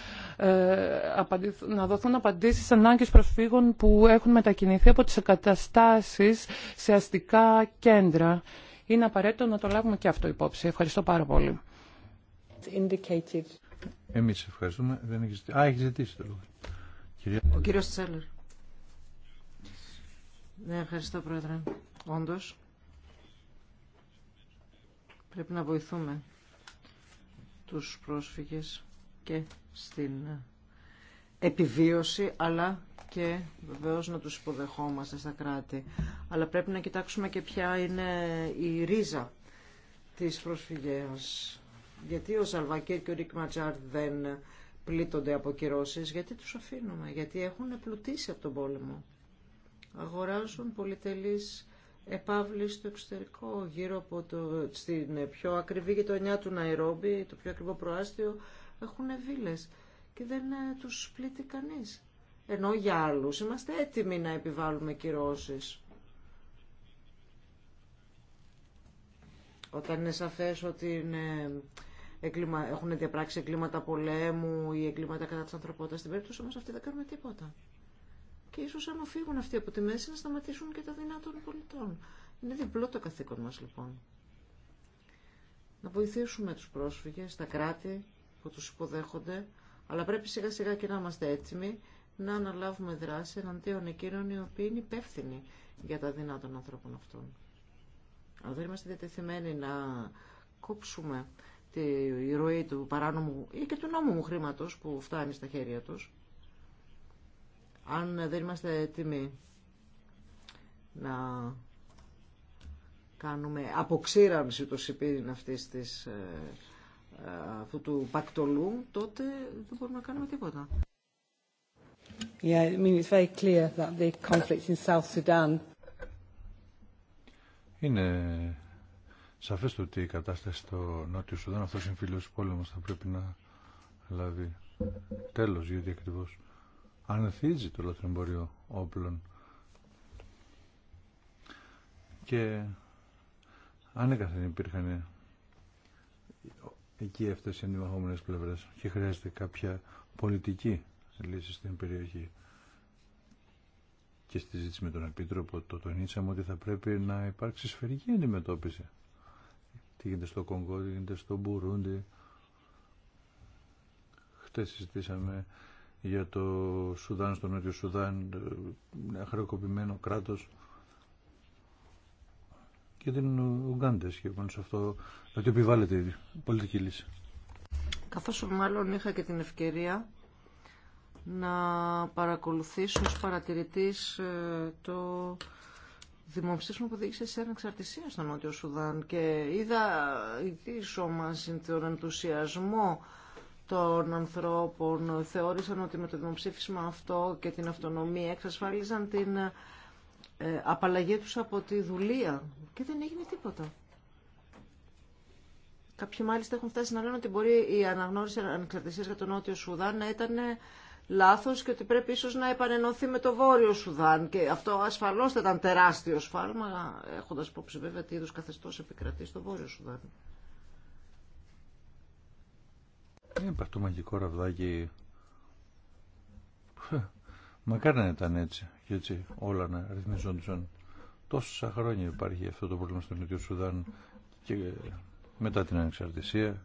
[SPEAKER 1] ε, να δοθούν απαντήσεις ανάγκες προσφύγων που έχουν μετακινηθεί από τις εγκαταστάσεις σε αστικά κέντρα. Είναι απαραίτητο να το λάβουμε και αυτό υπόψη. Ευχαριστώ πάρα πολύ.
[SPEAKER 2] Εμείς ευχαριστούμε. Δεν Α, έχει ζητήσει το λόγο. Ο κύριος
[SPEAKER 3] Τσέλερ. Ναι, ευχαριστώ πρόεδρε. Όντως, Πρέπει να βοηθούμε τους πρόσφυγες και στην επιβίωση, αλλά και βεβαίως να τους υποδεχόμαστε στα κράτη. Αλλά πρέπει να κοιτάξουμε και ποια είναι η ρίζα της προσφυγέας. Γιατί ο Σαλβακίρ και ο Ρίκ Ματζάρ δεν πλήττονται από κυρώσεις, γιατί τους αφήνουμε, γιατί έχουν πλουτίσει από τον πόλεμο. Αγοράζουν πολυτελείς επαύλη στο εξωτερικό, γύρω από το, στην πιο ακριβή γειτονιά του Ναϊρόμπι, το πιο ακριβό προάστιο, έχουν βίλες και δεν ε, τους πλήττει κανείς. Ενώ για άλλους είμαστε έτοιμοι να επιβάλλουμε κυρώσεις. Όταν είναι σαφές ότι είναι ε, έχουν διαπράξει εγκλήματα πολέμου ή εγκλήματα κατά της ανθρωπότητας στην περίπτωση όμως αυτοί δεν κάνουμε τίποτα και ίσως άμα φύγουν αυτοί από τη μέση να σταματήσουν και τα δεινά των πολιτών. Είναι διπλό το καθήκον μας λοιπόν. Να βοηθήσουμε τους πρόσφυγες, τα κράτη που τους υποδέχονται, αλλά πρέπει σιγά σιγά και να είμαστε έτοιμοι να αναλάβουμε δράση εναντίον εκείνων οι οποίοι είναι υπεύθυνοι για τα δεινά των ανθρώπων αυτών. Αν δεν είμαστε διατεθειμένοι να κόψουμε τη ροή του παράνομου ή και του νόμου χρήματος που φτάνει στα χέρια τους, αν δεν είμαστε έτοιμοι να κάνουμε αποξήρανση του σιπήριν αυτής της, ε, ε, αυτού του πακτολού, τότε δεν μπορούμε να κάνουμε τίποτα.
[SPEAKER 2] Yeah, I mean
[SPEAKER 3] very clear that the conflict in South Sudan.
[SPEAKER 2] Είναι σαφές το ότι η κατάσταση στο Νότιο Σουδάν, αυτός είναι φίλος πόλεμος, θα πρέπει να λάβει τέλος, γιατί ακριβώς ανθίζει το λαθρεμπόριο όπλων και ανέκαθεν υπήρχαν εκεί αυτές οι αντιμαχόμενες πλευρές και χρειάζεται κάποια πολιτική λύση στην περιοχή και στη ζήτηση με τον Επίτροπο το τονίσαμε ότι θα πρέπει να υπάρξει σφαιρική αντιμετώπιση τι γίνεται στο Κονγκό, τι γίνεται στο Μπουρούντι χτες συζητήσαμε για το Σουδάν, στο Νότιο Σουδάν, ένα ε, χρεοκοπημένο κράτος και την Ουγγάντα σχεδόν σε αυτό, το επιβάλλεται η πολιτική λύση.
[SPEAKER 3] Καθώς μάλλον είχα και την ευκαιρία να παρακολουθήσω ως παρατηρητής ε, το δημοψήφισμα που δείξε σε ανεξαρτησία στο Νότιο Σουδάν και είδα η ε, μας τον ενθουσιασμό των ανθρώπων θεώρησαν ότι με το δημοψήφισμα αυτό και την αυτονομία εξασφάλιζαν την ε, απαλλαγή τους από τη δουλεία και δεν έγινε τίποτα. Κάποιοι μάλιστα έχουν φτάσει να λένε ότι μπορεί η αναγνώριση ανεξαρτησία για τον Νότιο Σουδάν να ήταν λάθος και ότι πρέπει ίσως να επανενωθεί με το Βόρειο Σουδάν. Και αυτό ασφαλώς θα ήταν τεράστιο σφάλμα, έχοντας υπόψη βέβαια τι είδους καθεστώ επικρατεί στο Βόρειο Σουδάν.
[SPEAKER 2] Είπα το μαγικό ραβδάκι. Μακάρι να ήταν έτσι και έτσι όλα να ρυθμιζόντουσαν. Τόσα χρόνια υπάρχει αυτό το πρόβλημα στο Νότιο Σουδάν και μετά την ανεξαρτησία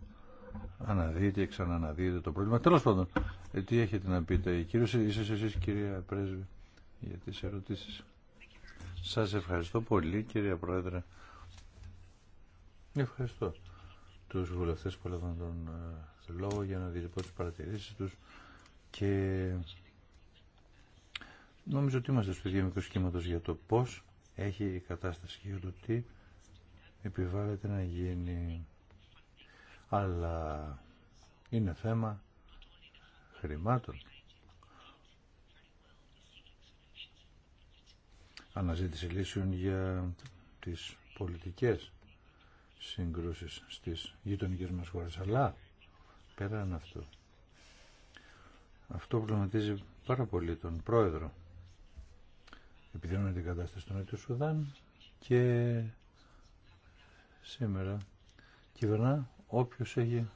[SPEAKER 2] αναδείτε, ξαναναδείτε το πρόβλημα. τέλο πάντων, ε, τι έχετε να πείτε. Κύριος, είσαι εσείς κυρία Πρέσβη για τι ερωτήσει. Σα ευχαριστώ πολύ κυρία Πρόεδρε. Ευχαριστώ του βουλευτέ που έλαβαν τον ε, λόγο για να δεις τι παρατηρήσεις τους και νομίζω ότι είμαστε στο ίδιο μικρό σχήματος για το πώς έχει η κατάσταση και για το τι επιβάλλεται να γίνει αλλά είναι θέμα χρημάτων αναζήτηση λύσεων για τις πολιτικές συγκρούσεις στις γειτονικές μας χώρες αλλά αυτό προβληματίζει πάρα πολύ τον πρόεδρο. Επιδεινώνει την κατάσταση του Νότιου Σουδάν και σήμερα κυβερνά όποιος έχει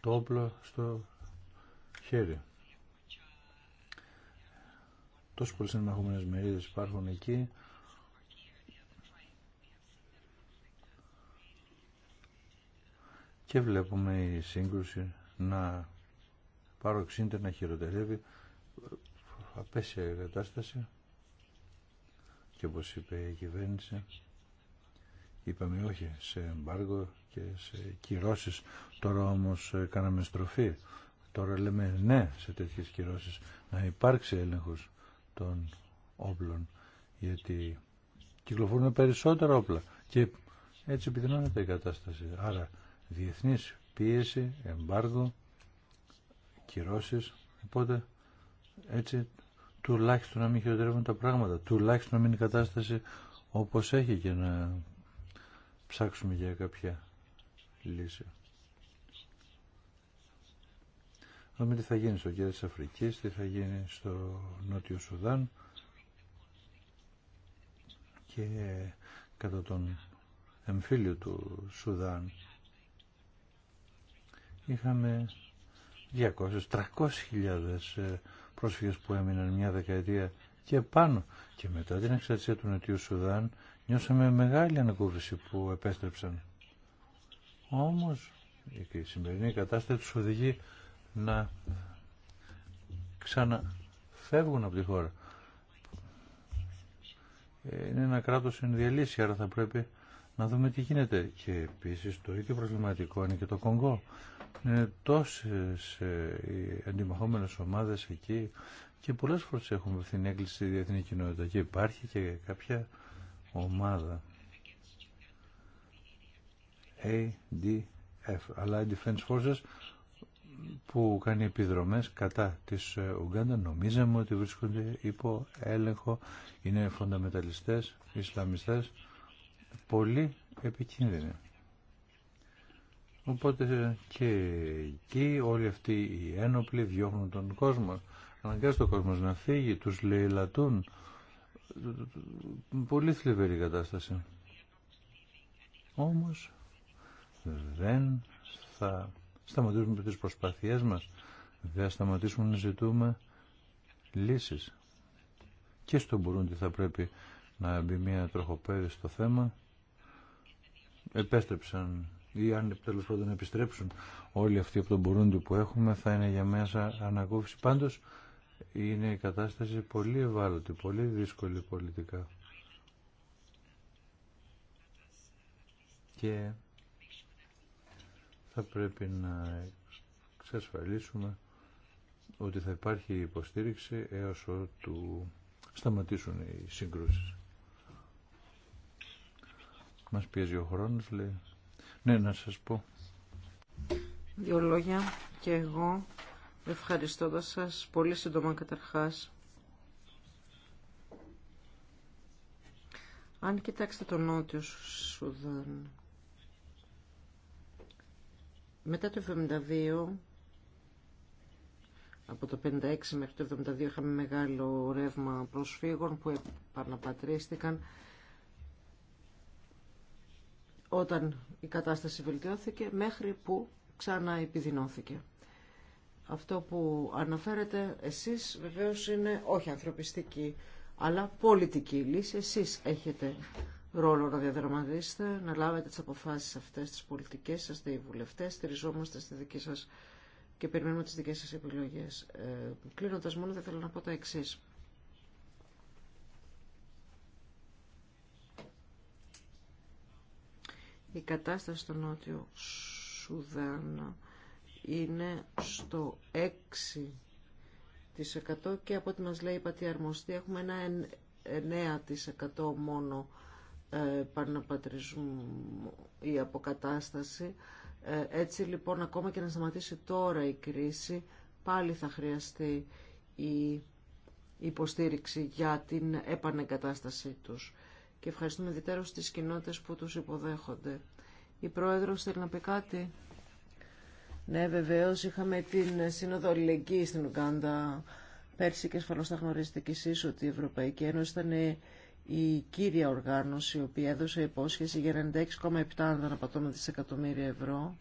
[SPEAKER 2] το όπλο στο χέρι. Τόσο πολλές ενημαχωμένες μερίδες υπάρχουν εκεί. Και βλέπουμε η σύγκρουση να πάρω ξύντε να χειροτερεύει απέσια κατάσταση και όπως είπε η κυβέρνηση είπαμε όχι σε εμπάργο και σε κυρώσεις τώρα όμως ε, κάναμε στροφή τώρα λέμε ναι σε τέτοιες κυρώσεις να υπάρξει έλεγχος των όπλων γιατί κυκλοφορούν περισσότερα όπλα και έτσι επιδεινώνεται η κατάσταση άρα διεθνής πίεση, εμπάργο, κυρώσεις. Οπότε έτσι τουλάχιστον να μην χειροτερεύουν τα πράγματα, τουλάχιστον να μην η κατάσταση όπως έχει και να ψάξουμε για κάποια λύση. Να δούμε τι θα γίνει στο κέντρο της Αφρικής, τι θα γίνει στο Νότιο Σουδάν και κατά τον εμφύλιο του Σουδάν είχαμε 200-300 χιλιάδες ε, πρόσφυγες που έμειναν μια δεκαετία και πάνω. Και μετά την εξαρτησία του Νοτιού Σουδάν νιώσαμε μεγάλη ανακούφιση που επέστρεψαν. Όμως η σημερινή κατάσταση τους οδηγεί να ξαναφεύγουν από τη χώρα. Είναι ένα κράτος εν διαλύσει, άρα θα πρέπει να δούμε τι γίνεται. Και επίσης το ίδιο προβληματικό είναι και το Κονγκό. Είναι τόσες ε, οι αντιμαχόμενες ομάδες εκεί και πολλές φορές έχουμε αυτή την στη διεθνή κοινότητα και υπάρχει και κάποια ομάδα ADF ε, Allied Defense Forces που κάνει επιδρομές κατά της ε, Ουγγάντα. νομίζαμε ότι βρίσκονται υπό έλεγχο είναι φονταμεταλιστές, Ισλαμιστές πολύ επικίνδυνοι Οπότε και εκεί όλοι αυτοί οι ένοπλοι διώχνουν τον κόσμο. Αναγκάζει τον κόσμο να φύγει, τους λαιλατούν. Πολύ θλιβερή κατάσταση. Όμως δεν θα σταματήσουμε τις προσπαθίες μας. Δεν θα σταματήσουμε να ζητούμε λύσεις. Και στο Μπουρούντι θα πρέπει να μπει μια τροχοπέδη στο θέμα. Επέστρεψαν ή αν τέλο πάντων επιστρέψουν όλοι αυτοί από τον Μπουρούντι που έχουμε θα είναι για μέσα ανακούφιση. Πάντως είναι η κατάσταση πολύ ευάλωτη, πολύ δύσκολη πολιτικά. Και θα πρέπει να εξασφαλίσουμε ότι θα υπάρχει υποστήριξη έως ότου σταματήσουν οι σύγκρουσεις. Μας πιέζει ο χρόνος, λέει. Ναι, να σας πω.
[SPEAKER 3] Δύο λόγια και εγώ ευχαριστώντας σας πολύ σύντομα καταρχάς. Αν κοιτάξετε τον Νότιο Σουδάν, μετά το 72, από το 56 μέχρι το 72 είχαμε μεγάλο ρεύμα προσφύγων που επαναπατρίστηκαν όταν η κατάσταση βελτιώθηκε μέχρι που ξανά επιδεινώθηκε. Αυτό που αναφέρετε εσείς βεβαίως είναι όχι ανθρωπιστική αλλά πολιτική λύση. Εσείς έχετε ρόλο να διαδραματίσετε, να λάβετε τις αποφάσεις αυτές, τις πολιτικές σας, οι βουλευτές, στηριζόμαστε στη δική σας και περιμένουμε τις δικές σας επιλογές. Ε, κλείνοντας μόνο, δεν θέλω να πω τα εξή. η κατάσταση στο Νότιο Σουδάν είναι στο 6% και από ό,τι μας λέει η Πατιαρμοστή έχουμε ένα 9% μόνο ε, παναπατρισμού ή αποκατάσταση. Ε, έτσι λοιπόν ακόμα και να σταματήσει τώρα η κρίση πάλι θα χρειαστεί η υποστήριξη για την επανεγκατάστασή τους και ευχαριστούμε ιδιαίτερα στις κοινότητες που τους υποδέχονται. Η Πρόεδρος θέλει να πει κάτι. Ναι, βεβαίω. Είχαμε την Σύνοδο Αλληλεγγύη στην Ουγγάντα πέρσι και ασφαλώ θα γνωρίζετε κι εσεί ότι η Ευρωπαϊκή Ένωση ήταν η κύρια οργάνωση η οποία έδωσε υπόσχεση για 96,7 αν δεν απατώμε δισεκατομμύρια ευρώ.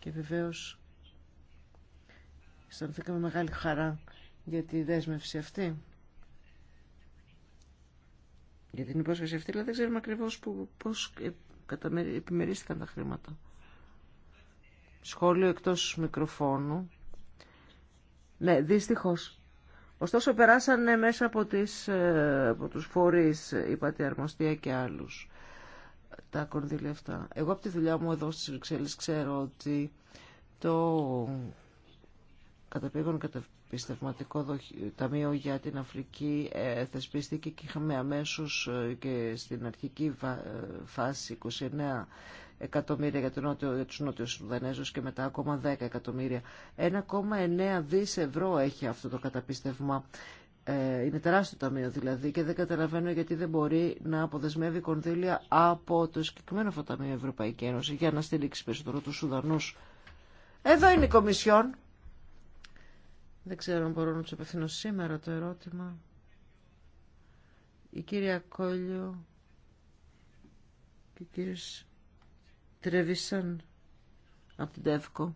[SPEAKER 3] Και βεβαίω αισθανθήκαμε μεγάλη χαρά για τη δέσμευση αυτή για την υπόσχεση αυτή, αλλά δεν ξέρουμε ακριβώ που, πώς ε, επιμερίστηκαν τα χρήματα. Σχόλιο εκτός μικροφώνου. Ναι, δυστυχώς. Ωστόσο, περάσανε μέσα από, τις, ε, από τους φορείς, είπατε, αρμοστία και άλλους, τα κονδύλια αυτά. Εγώ από τη δουλειά μου εδώ στις Βρυξέλλες ξέρω ότι το καταπήγον καταπιστευματικό ταμείο για την Αφρική ε, θεσπίστηκε και είχαμε αμέσως ε, και στην αρχική ε, φάση 29 εκατομμύρια για, τον νότιο, για τους νότιους Σουδανέζους και μετά ακόμα 10 εκατομμύρια. 1,9 δις ευρώ έχει αυτό το καταπίστευμα. Ε, είναι τεράστιο ταμείο δηλαδή και δεν καταλαβαίνω γιατί δεν μπορεί να αποδεσμεύει κονδύλια από το συγκεκριμένο αυτό ταμείο Ευρωπαϊκή Ένωση για να στηρίξει περισσότερο τους Σουδανούς. Εδώ είναι η Κομισιόν. Δεν ξέρω αν μπορώ να του απευθύνω σήμερα το ερώτημα. Η κυρία Κόλλιο και ο κύριος Τρεβίσαν από την Τεύκο.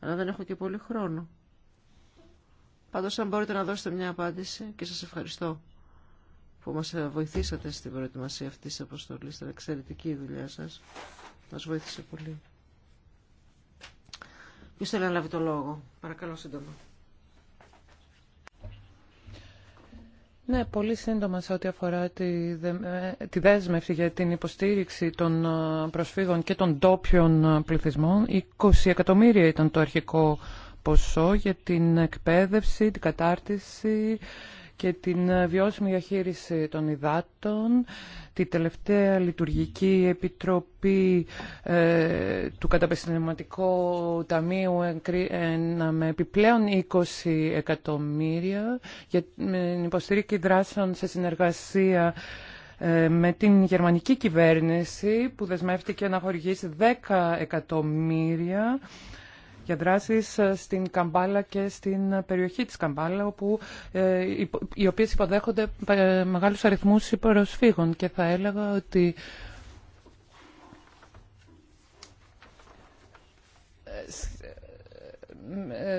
[SPEAKER 3] Αλλά δεν έχω και πολύ χρόνο. Πάντως αν μπορείτε να δώσετε μια απάντηση και σας ευχαριστώ που μας βοηθήσατε στην προετοιμασία αυτής της αποστολής. Ήταν εξαιρετική η δουλειά σας. Μας βοήθησε πολύ. Ποιο θέλει να λάβει το λόγο. Παρακαλώ σύντομα.
[SPEAKER 1] Ναι, πολύ σύντομα σε ό,τι αφορά τη, ε, δέσμευση για την υποστήριξη των ε, προσφύγων και των ντόπιων ε, πληθυσμών. 20 εκατομμύρια ήταν το αρχικό ποσό για την εκπαίδευση, την κατάρτιση, και την ε, βιώσιμη διαχείριση των υδάτων, τη τελευταία λειτουργική επιτροπή ε, του καταπεστηματικού ταμείου ε, με επιπλέον 20 εκατομμύρια για την υποστήριξη δράσεων σε συνεργασία με την γερμανική κυβέρνηση που δεσμεύτηκε να χορηγήσει 10 εκατομμύρια και δράσεις ε, στην Καμπάλα και στην περιοχή της Καμπάλα, όπου, ε, οι οποίες υποδέχονται ε, μεγάλους αριθμούς προσφύγων. Και θα έλεγα ότι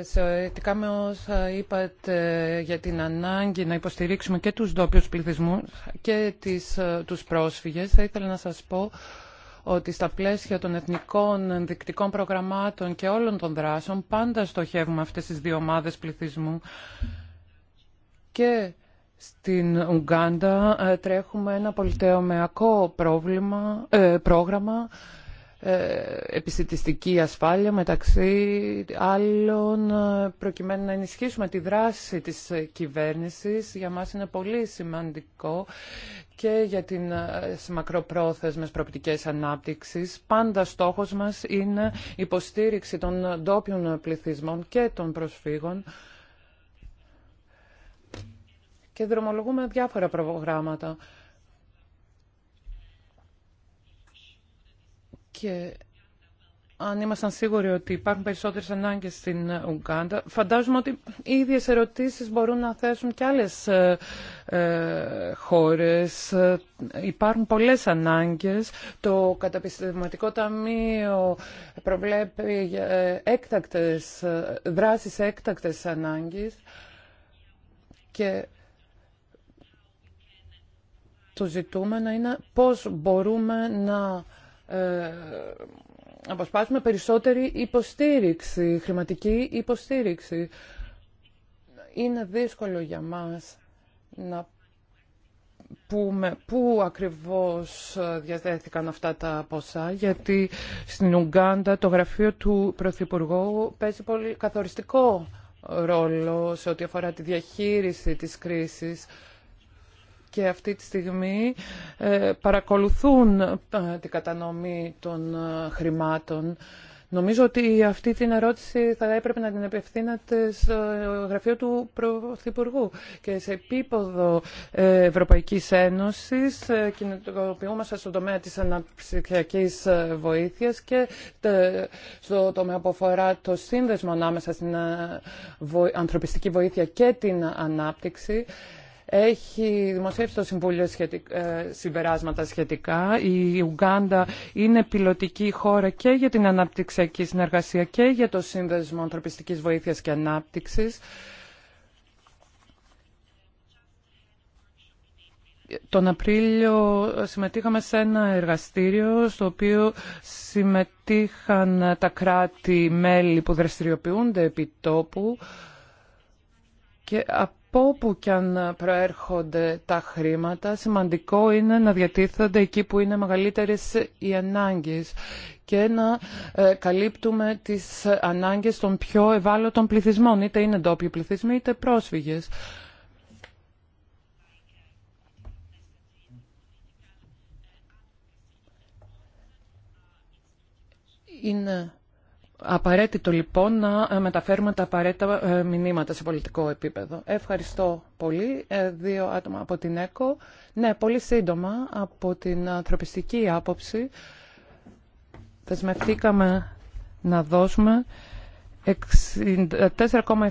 [SPEAKER 1] σχετικά με όσα είπατε για την ανάγκη να υποστηρίξουμε και τους ντόπιου πληθυσμού και τις, τους πρόσφυγες, θα ήθελα να σας πω ότι στα πλαίσια των εθνικών ενδεικτικών προγραμμάτων και όλων των δράσεων πάντα στοχεύουμε αυτές τις δύο ομάδες πληθυσμού και στην Ουγγάντα ε, τρέχουμε ένα ακό πρόβλημα, ε, πρόγραμμα ε, επιστημιστική ασφάλεια μεταξύ άλλων ε, προκειμένου να ενισχύσουμε τη δράση της ε, κυβέρνησης για μας είναι πολύ σημαντικό και για την μακροπρόθεσμες προοπτικές ανάπτυξης. Πάντα στόχος μας είναι υποστήριξη των ντόπιων πληθυσμών και των προσφύγων και δρομολογούμε διάφορα προγράμματα. και αν ήμασταν σίγουροι ότι υπάρχουν περισσότερες ανάγκες στην Ουγγάντα, φαντάζομαι ότι οι ίδιες ερωτήσεις μπορούν να θέσουν και άλλες ε, ε χώρες. Υπάρχουν πολλές ανάγκες. Το καταπιστευματικό ταμείο προβλέπει ε, έκτακτες, ε, δράσεις έκτακτες ανάγκες και το ζητούμενο είναι πώς μπορούμε να ε, αποσπάσουμε περισσότερη υποστήριξη, χρηματική υποστήριξη. Είναι δύσκολο για μας να πούμε πού ακριβώς διαδέθηκαν αυτά τα ποσά, γιατί στην Ουγγάντα το γραφείο του Πρωθυπουργού παίζει πολύ καθοριστικό ρόλο σε ό,τι αφορά τη διαχείριση της κρίσης και αυτή τη στιγμή ε, παρακολουθούν ε, την κατανομή των ε, χρημάτων. Νομίζω ότι αυτή την ερώτηση θα έπρεπε να την επευθύνατε στο γραφείο του Πρωθυπουργού και σε επίπεδο Ευρωπαϊκής Ένωσης κινητοποιούμαστε στον τομέα της αναψυχιακής βοήθειας και στο τομέα που αφορά το σύνδεσμο ανάμεσα στην ανθρωπιστική βοήθεια και την ανάπτυξη έχει δημοσιεύσει το Συμβούλιο ε, συμπεράσματα σχετικά. Η Ουγγάντα είναι πιλωτική χώρα και για την αναπτυξιακή συνεργασία και για το Σύνδεσμο Ανθρωπιστικής Βοήθειας και Ανάπτυξης. Τον Απρίλιο συμμετείχαμε σε ένα εργαστήριο στο οποίο συμμετείχαν τα κράτη-μέλη που δραστηριοποιούνται επί τόπου και από όπου και αν προέρχονται τα χρήματα, σημαντικό είναι να διατίθενται εκεί που είναι μεγαλύτερες οι ανάγκες και να ε, καλύπτουμε τις ανάγκες των πιο ευάλωτων πληθυσμών, είτε είναι ντόπιοι πληθυσμοί είτε πρόσφυγες. Είναι Απαραίτητο λοιπόν να ε, μεταφέρουμε τα απαραίτητα ε, μηνύματα σε πολιτικό επίπεδο. Ευχαριστώ πολύ. Ε, δύο άτομα από την ΕΚΟ. Ναι, πολύ σύντομα από την ανθρωπιστική άποψη δεσμευτήκαμε να δώσουμε 4,7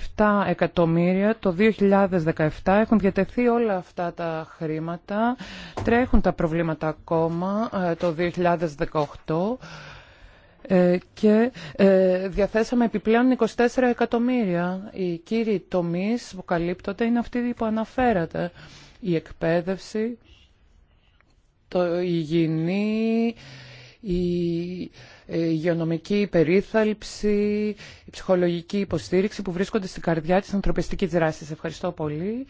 [SPEAKER 1] εκατομμύρια το 2017 έχουν διατεθεί όλα αυτά τα χρήματα τρέχουν τα προβλήματα ακόμα το 2018 ε, και ε, διαθέσαμε επιπλέον 24 εκατομμύρια. Οι κύριοι τομείς που καλύπτονται είναι αυτοί που αναφέρατε. Η εκπαίδευση, το υγιεινή, ε, η υγειονομική περίθαλψη, η ψυχολογική υποστήριξη που βρίσκονται στην καρδιά της ανθρωπιστικής δράσης. Ευχαριστώ πολύ.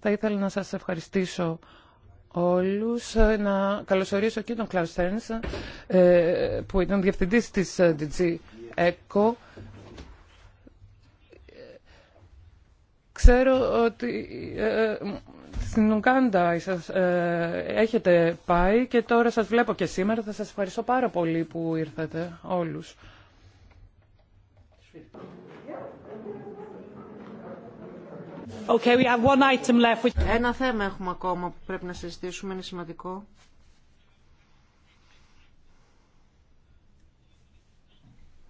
[SPEAKER 1] Θα ήθελα να σας ευχαριστήσω όλους ε, να καλωσορίσω και τον Κλάου Στέρνς ε, που ήταν διευθυντής της ε, DG ECO. Ξέρω ότι στην Ουγκάντα έχετε πάει και τώρα σας βλέπω και σήμερα. Θα σας ευχαριστώ πάρα πολύ που ήρθατε όλους. Okay, we have
[SPEAKER 3] one item left. Ένα θέμα έχουμε ακόμα που πρέπει να συζητήσουμε, είναι σημαντικό.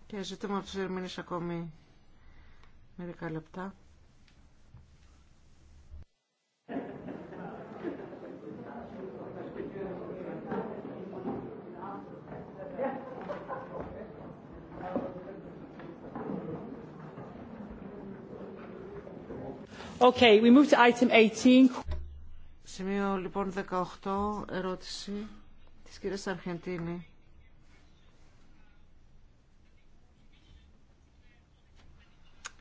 [SPEAKER 3] Και ζητούμε από τους ερμηνείς ακόμη μερικά λεπτά.
[SPEAKER 1] Okay, we move 18.
[SPEAKER 3] Σημείο λοιπόν 18, ερώτηση της κυρίας Αρχεντίνη.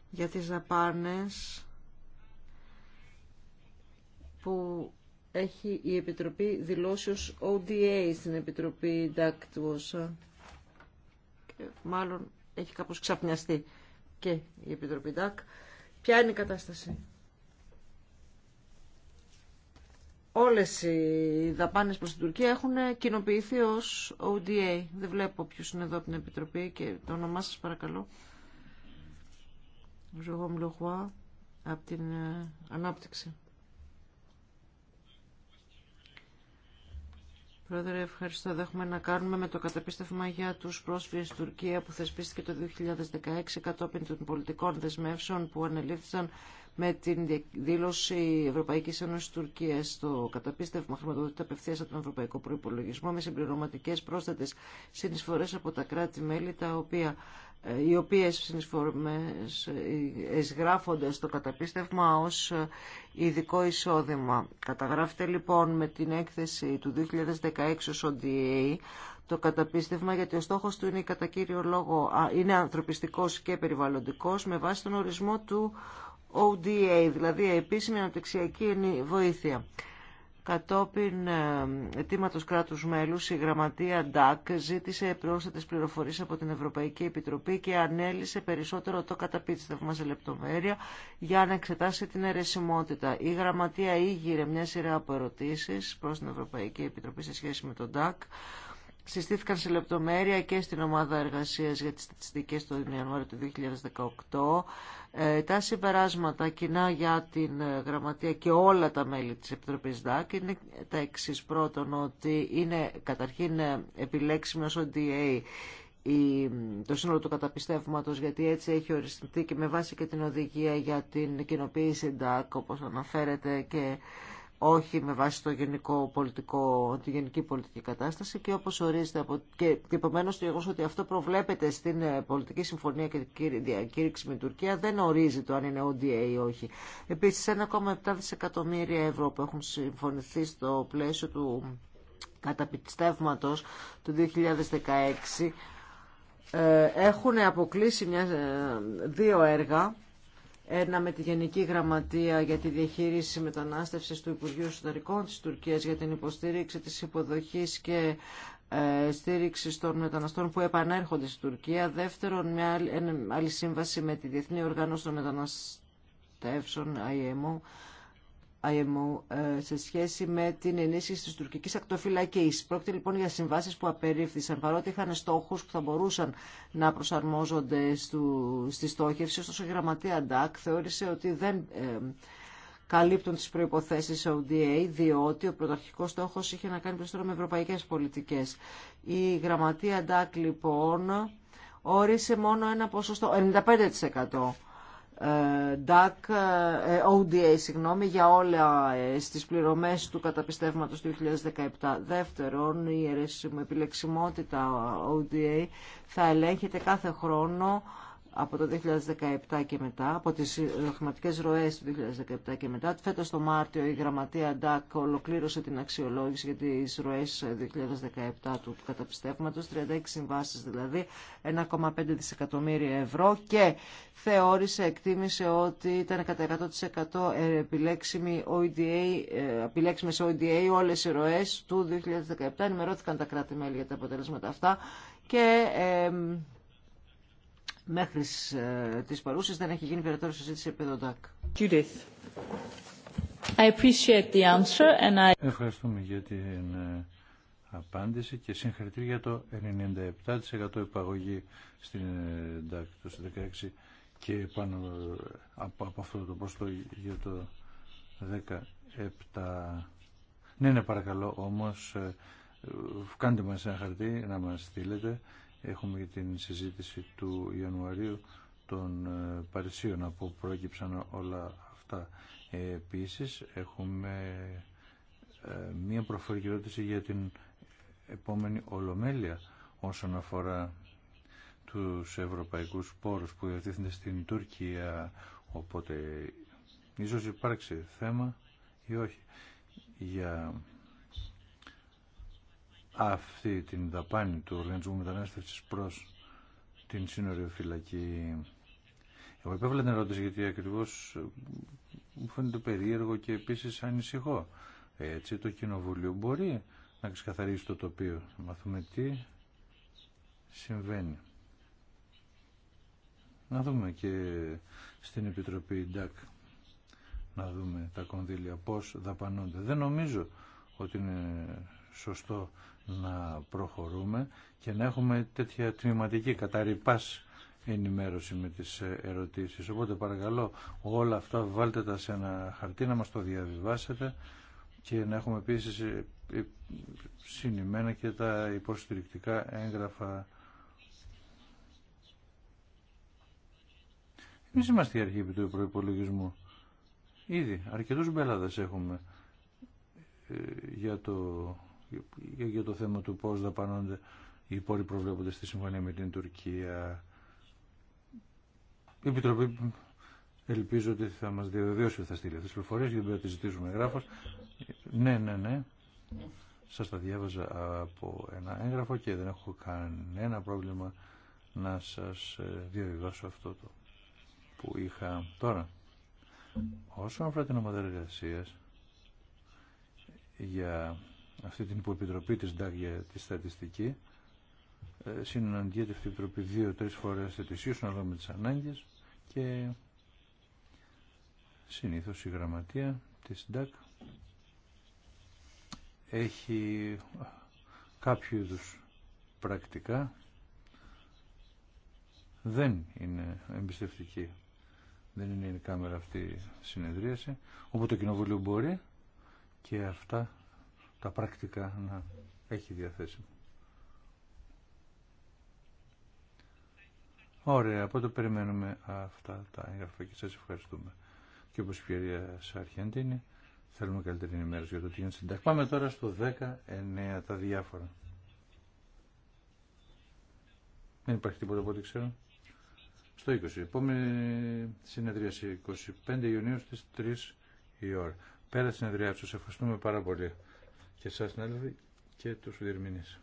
[SPEAKER 3] Για τις δαπάνες που έχει η Επιτροπή δηλώσει ως ODA στην Επιτροπή Ντάκτουσα. Και μάλλον έχει κάπως ξαπνιαστεί και η Επιτροπή ΔΑΚ. Ποια είναι η κατάσταση. όλες οι δαπάνες προς την Τουρκία έχουν κοινοποιηθεί ως ODA. Δεν βλέπω ποιος είναι εδώ από την Επιτροπή και το όνομά σας παρακαλώ. Ζωγό Μλοχουά, από την ε, Ανάπτυξη. Πρόεδρε, ευχαριστώ. Δεν έχουμε να κάνουμε με το καταπίστευμα για τους πρόσφυγες στην Τουρκία που θεσπίστηκε το 2016 κατόπιν των πολιτικών δεσμεύσεων που ανελήφθησαν με την δήλωση Ευρωπαϊκή Ένωση Τουρκία στο καταπίστευμα χρηματοδοτήτα απευθεία από τον Ευρωπαϊκό Προπολογισμό με συμπληρωματικέ πρόσθετες συνεισφορέ από τα κράτη-μέλη τα οποία ε, οι οποίες συνεισφορμές ε, εισγράφονται στο καταπίστευμα ως ε, ειδικό εισόδημα. Καταγράφεται λοιπόν με την έκθεση του 2016 ως ODA το καταπίστευμα γιατί ο στόχος του είναι κατά κύριο λόγο είναι ανθρωπιστικός και περιβαλλοντικός με βάση τον ορισμό του ODA, δηλαδή επίσημη αναπτυξιακή βοήθεια. Κατόπιν ε, αιτήματο κράτου μέλου, η γραμματεία DAC ζήτησε πρόσθετε πληροφορίε από την Ευρωπαϊκή Επιτροπή και ανέλησε περισσότερο το καταπίστευμα σε λεπτομέρεια για να εξετάσει την αιρεσιμότητα. Η γραμματεία ήγηρε μια σειρά από ερωτήσει προ την Ευρωπαϊκή Επιτροπή σε σχέση με τον DAC συστήθηκαν σε λεπτομέρεια και στην ομάδα εργασίας για τις στατιστικές τον Ιανουάριο του 2018. Ε, τα συμπεράσματα κοινά για την ε, γραμματεία και όλα τα μέλη της Επιτροπής ΔΑΚ είναι τα εξής. Πρώτον, ότι είναι καταρχήν ε, επιλέξιμο ως ODA το σύνολο του καταπιστεύματος γιατί έτσι έχει οριστεί και με βάση και την οδηγία για την κοινοποίηση ΔΑΚ όπως αναφέρεται και όχι με βάση το γενικό πολιτικό, τη γενική πολιτική κατάσταση και όπως ορίζεται από, και, και επομένω το γεγονό ότι αυτό προβλέπεται στην ε, πολιτική συμφωνία και διακήρυξη με την Τουρκία δεν ορίζει το αν είναι ODA ή όχι. Επίσης 1,7 δισεκατομμύρια ευρώ που έχουν συμφωνηθεί στο πλαίσιο του καταπιστεύματος του 2016 ε, έχουν αποκλείσει ε, δύο έργα ένα με τη Γενική Γραμματεία για τη διαχείριση μετανάστευσης του Υπουργείου Εσωτερικών της Τουρκίας για την υποστήριξη της υποδοχής και ε, στήριξη των μεταναστών που επανέρχονται στη Τουρκία. Δεύτερον, μια άλλη, σύμβαση με τη Διεθνή Οργάνωση των Μεταναστεύσεων, IMO, IMO ε, σε σχέση με την ενίσχυση της τουρκικής ακτοφυλακής. Πρόκειται λοιπόν για συμβάσεις που απερίφθησαν, παρότι είχαν στόχους που θα μπορούσαν να προσαρμόζονται στη στόχευση, ωστόσο η γραμματεία ΝΤΑΚ θεώρησε ότι δεν ε, καλύπτουν τις προϋποθέσεις ODA, διότι ο πρωταρχικός στόχος είχε να κάνει περισσότερο με ευρωπαϊκές πολιτικές. Η γραμματεία ΝΤΑΚ λοιπόν όρισε μόνο ένα ποσοστό, 95% DAC, ODA ε, συγγνώμη, για όλα ε, στις πληρωμές του καταπιστεύματος του 2017. Δεύτερον, η αιρεσιμοεπιλεξιμότητα ODA θα ελέγχεται κάθε χρόνο από το 2017 και μετά, από τις χρηματικές ροές του 2017 και μετά. Φέτος το Μάρτιο η Γραμματεία ΝΤΑΚ ολοκλήρωσε την αξιολόγηση για τις ροές 2017 του καταπιστεύματος, 36 συμβάσεις δηλαδή, 1,5 δισεκατομμύρια ευρώ και θεώρησε, εκτίμησε ότι ήταν κατά 100% επιλέξιμη ODA, ε, επιλέξιμες όλες οι ροές του 2017. Ενημερώθηκαν τα κράτη-μέλη για τα αποτελέσματα αυτά και... Μέχρι ε, τις παρούσες δεν έχει γίνει περαιτέρω συζήτηση επί I
[SPEAKER 2] Ευχαριστούμε για την ε, απάντηση και συγχαρητήρια για το 97% υπαγωγή στην ΕΝΤΑΚ το 16 και πάνω ε, από, από αυτό το πόστο για το 17. Ναι, ναι, παρακαλώ όμως κάντε μας ένα χαρτί να μας στείλετε Έχουμε την συζήτηση του Ιανουαρίου των ε, Παρισίων από πρόκυψαν όλα αυτά. Ε, επίσης έχουμε ε, μία προφορική ερώτηση για την επόμενη ολομέλεια όσον αφορά τους ευρωπαϊκούς πόρους που διατίθενται στην Τουρκία οπότε ίσως υπάρξει θέμα ή όχι για αυτή την δαπάνη του Οργανισμού Μετανάστευσης προς την συνοριοφυλακή. φυλακή. Εγώ υπέβαλα την ερώτηση γιατί ακριβώς ε, μου φαίνεται περίεργο και επίσης ανησυχώ. Έτσι το Κοινοβούλιο μπορεί να ξεκαθαρίσει το τοπίο, να μάθουμε τι συμβαίνει. Να δούμε και στην Επιτροπή ΝΤΑΚ να δούμε τα κονδύλια πώς δαπανώνται. Δεν νομίζω ότι είναι σωστό να προχωρούμε και να έχουμε τέτοια τμηματική καταρρυπάς ενημέρωση με τις ερωτήσεις. Οπότε παρακαλώ όλα αυτά βάλτε τα σε ένα χαρτί να μας το διαβιβάσετε και να έχουμε επίσης ε, ε, συνημένα και τα υποστηρικτικά έγγραφα. Εμείς είμαστε η αρχή του προϋπολογισμού. Ήδη αρκετούς μπέλαδες έχουμε ε, για το για το θέμα του πώς δαπανώνται οι πόροι προβλέπονται στη συμφωνία με την Τουρκία. Η Επιτροπή ελπίζω ότι θα μας διαβεβαιώσει ότι θα στείλει αυτές τις πληροφορίες γιατί πρέπει να τις ζητήσουμε εγγράφος. Ναι, ναι, ναι. Σας τα διάβαζα από ένα έγγραφο και δεν έχω κανένα πρόβλημα να σας ε, διαβιβάσω αυτό το που είχα τώρα. Όσον αφορά την ομάδα εργασία για αυτή την υποεπιτροπή της ΝΤΑΚ για τη στατιστική. Ε, συναντιέται αυτή η επιτροπή δύο-τρεις φορές ετησίως να δούμε τις ανάγκες και συνήθως η γραμματεία της ΝΤΑΚ έχει κάποιο είδου πρακτικά δεν είναι εμπιστευτική δεν είναι η κάμερα αυτή συνεδρίαση όπου το κοινοβούλιο μπορεί και αυτά τα πρακτικά να έχει διαθέσιμο. Ωραία, από το περιμένουμε αυτά τα εγγραφή και σας ευχαριστούμε. Και όπως η κυρία Σαρχιαντίνη, θέλουμε καλύτερη ενημέρωση για το τι γίνεται στην Πάμε τώρα στο 19, τα διάφορα. Δεν υπάρχει τίποτα από ό,τι ξέρω. Στο 20, επόμενη συνεδρίαση 25 Ιουνίου στις 3 η ώρα. Πέρα συνεδριά σας, ευχαριστούμε πάρα πολύ και σας συνάδελφοι και τους διερμηνείς.